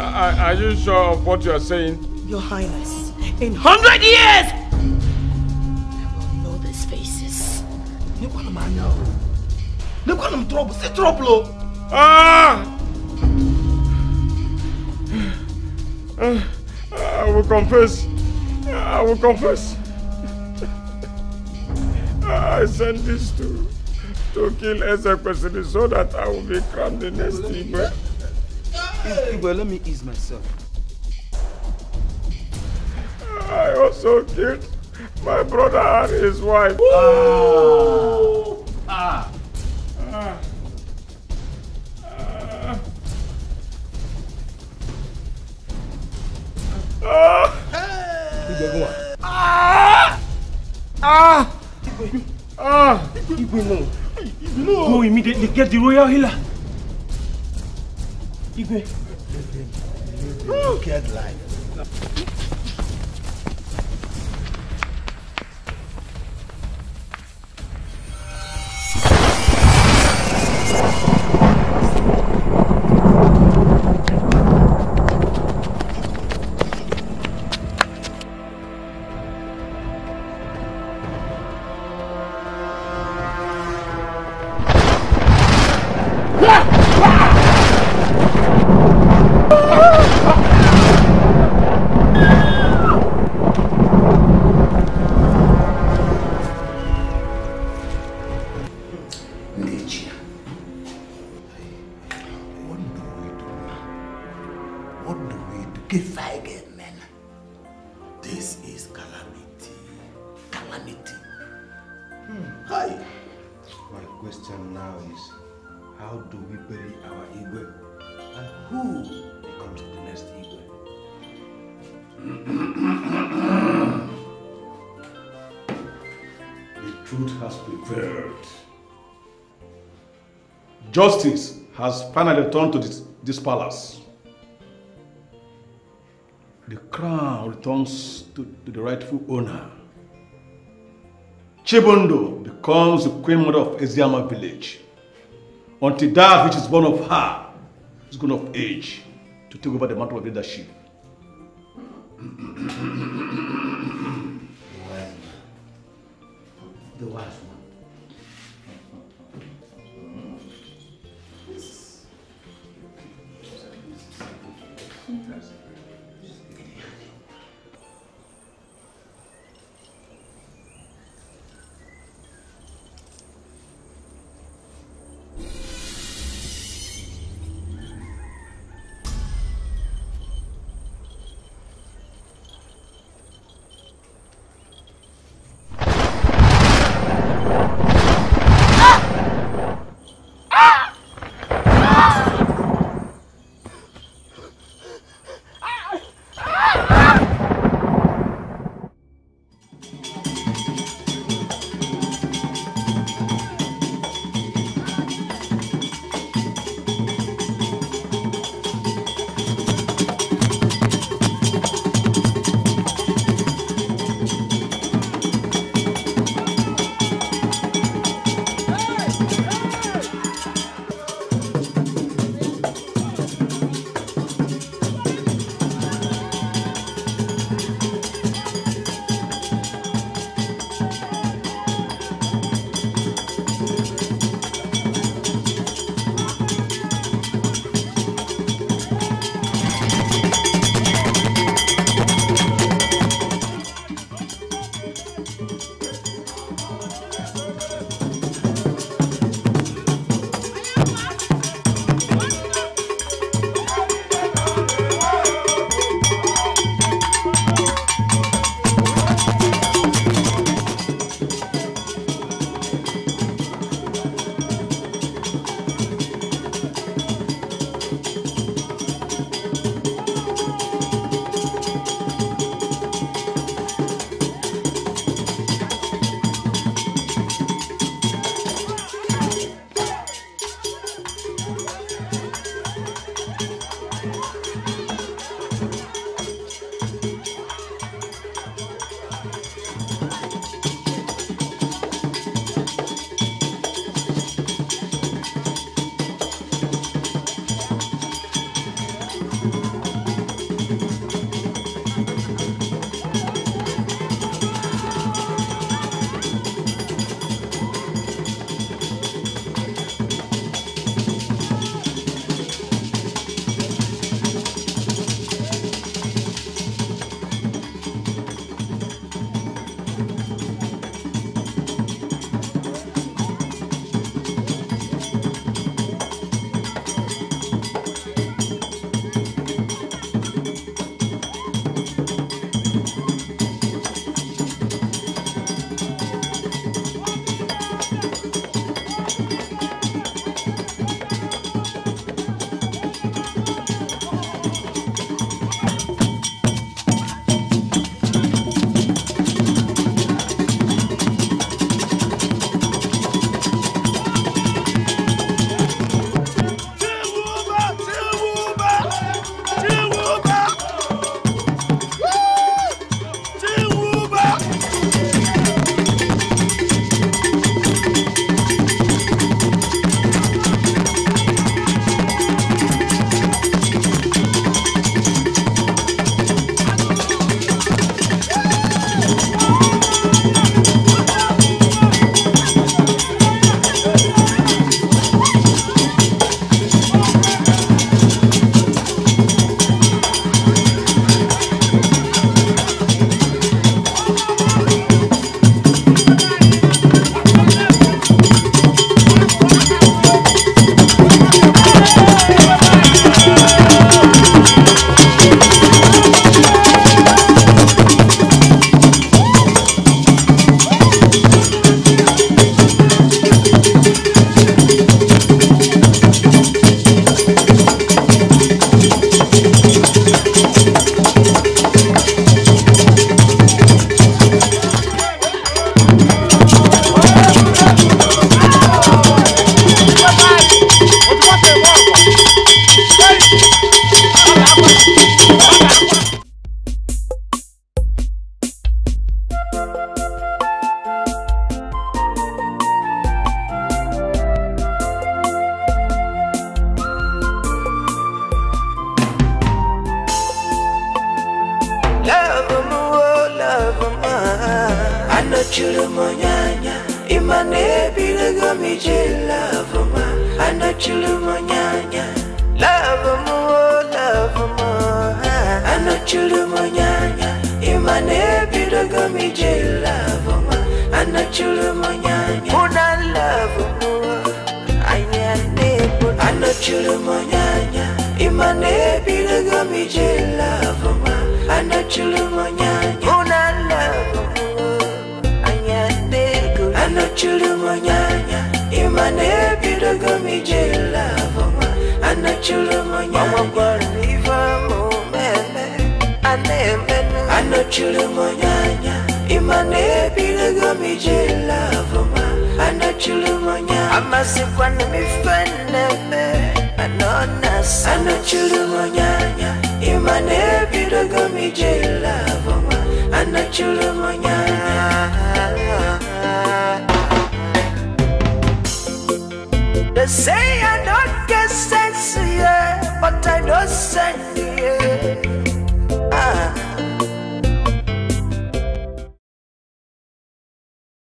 are, are you sure of what you are saying? Your Highness, in 100 years, nekwa na m anya o nekwa na ah! I will confess. I will confess. I sent this to to kill Ezekwesili so that I will be crowned the next Igwe. Igwe, let me ease myself. I also killed my brother and his wife. Ooh. Ah. Ah. Ah. Ah. Hey. Ah. Ah. Ah. Igwe, no. Ah. no. Go immediately get the royal healer. Igwe. Leave him. Get life. Justice has finally returned to this, this palace. The crown returns to, to the rightful owner. Chibundo becomes the queen mother of Eziama village. Until that which is born of her is grown of age to take over the mantle of leadership. the wife Yes.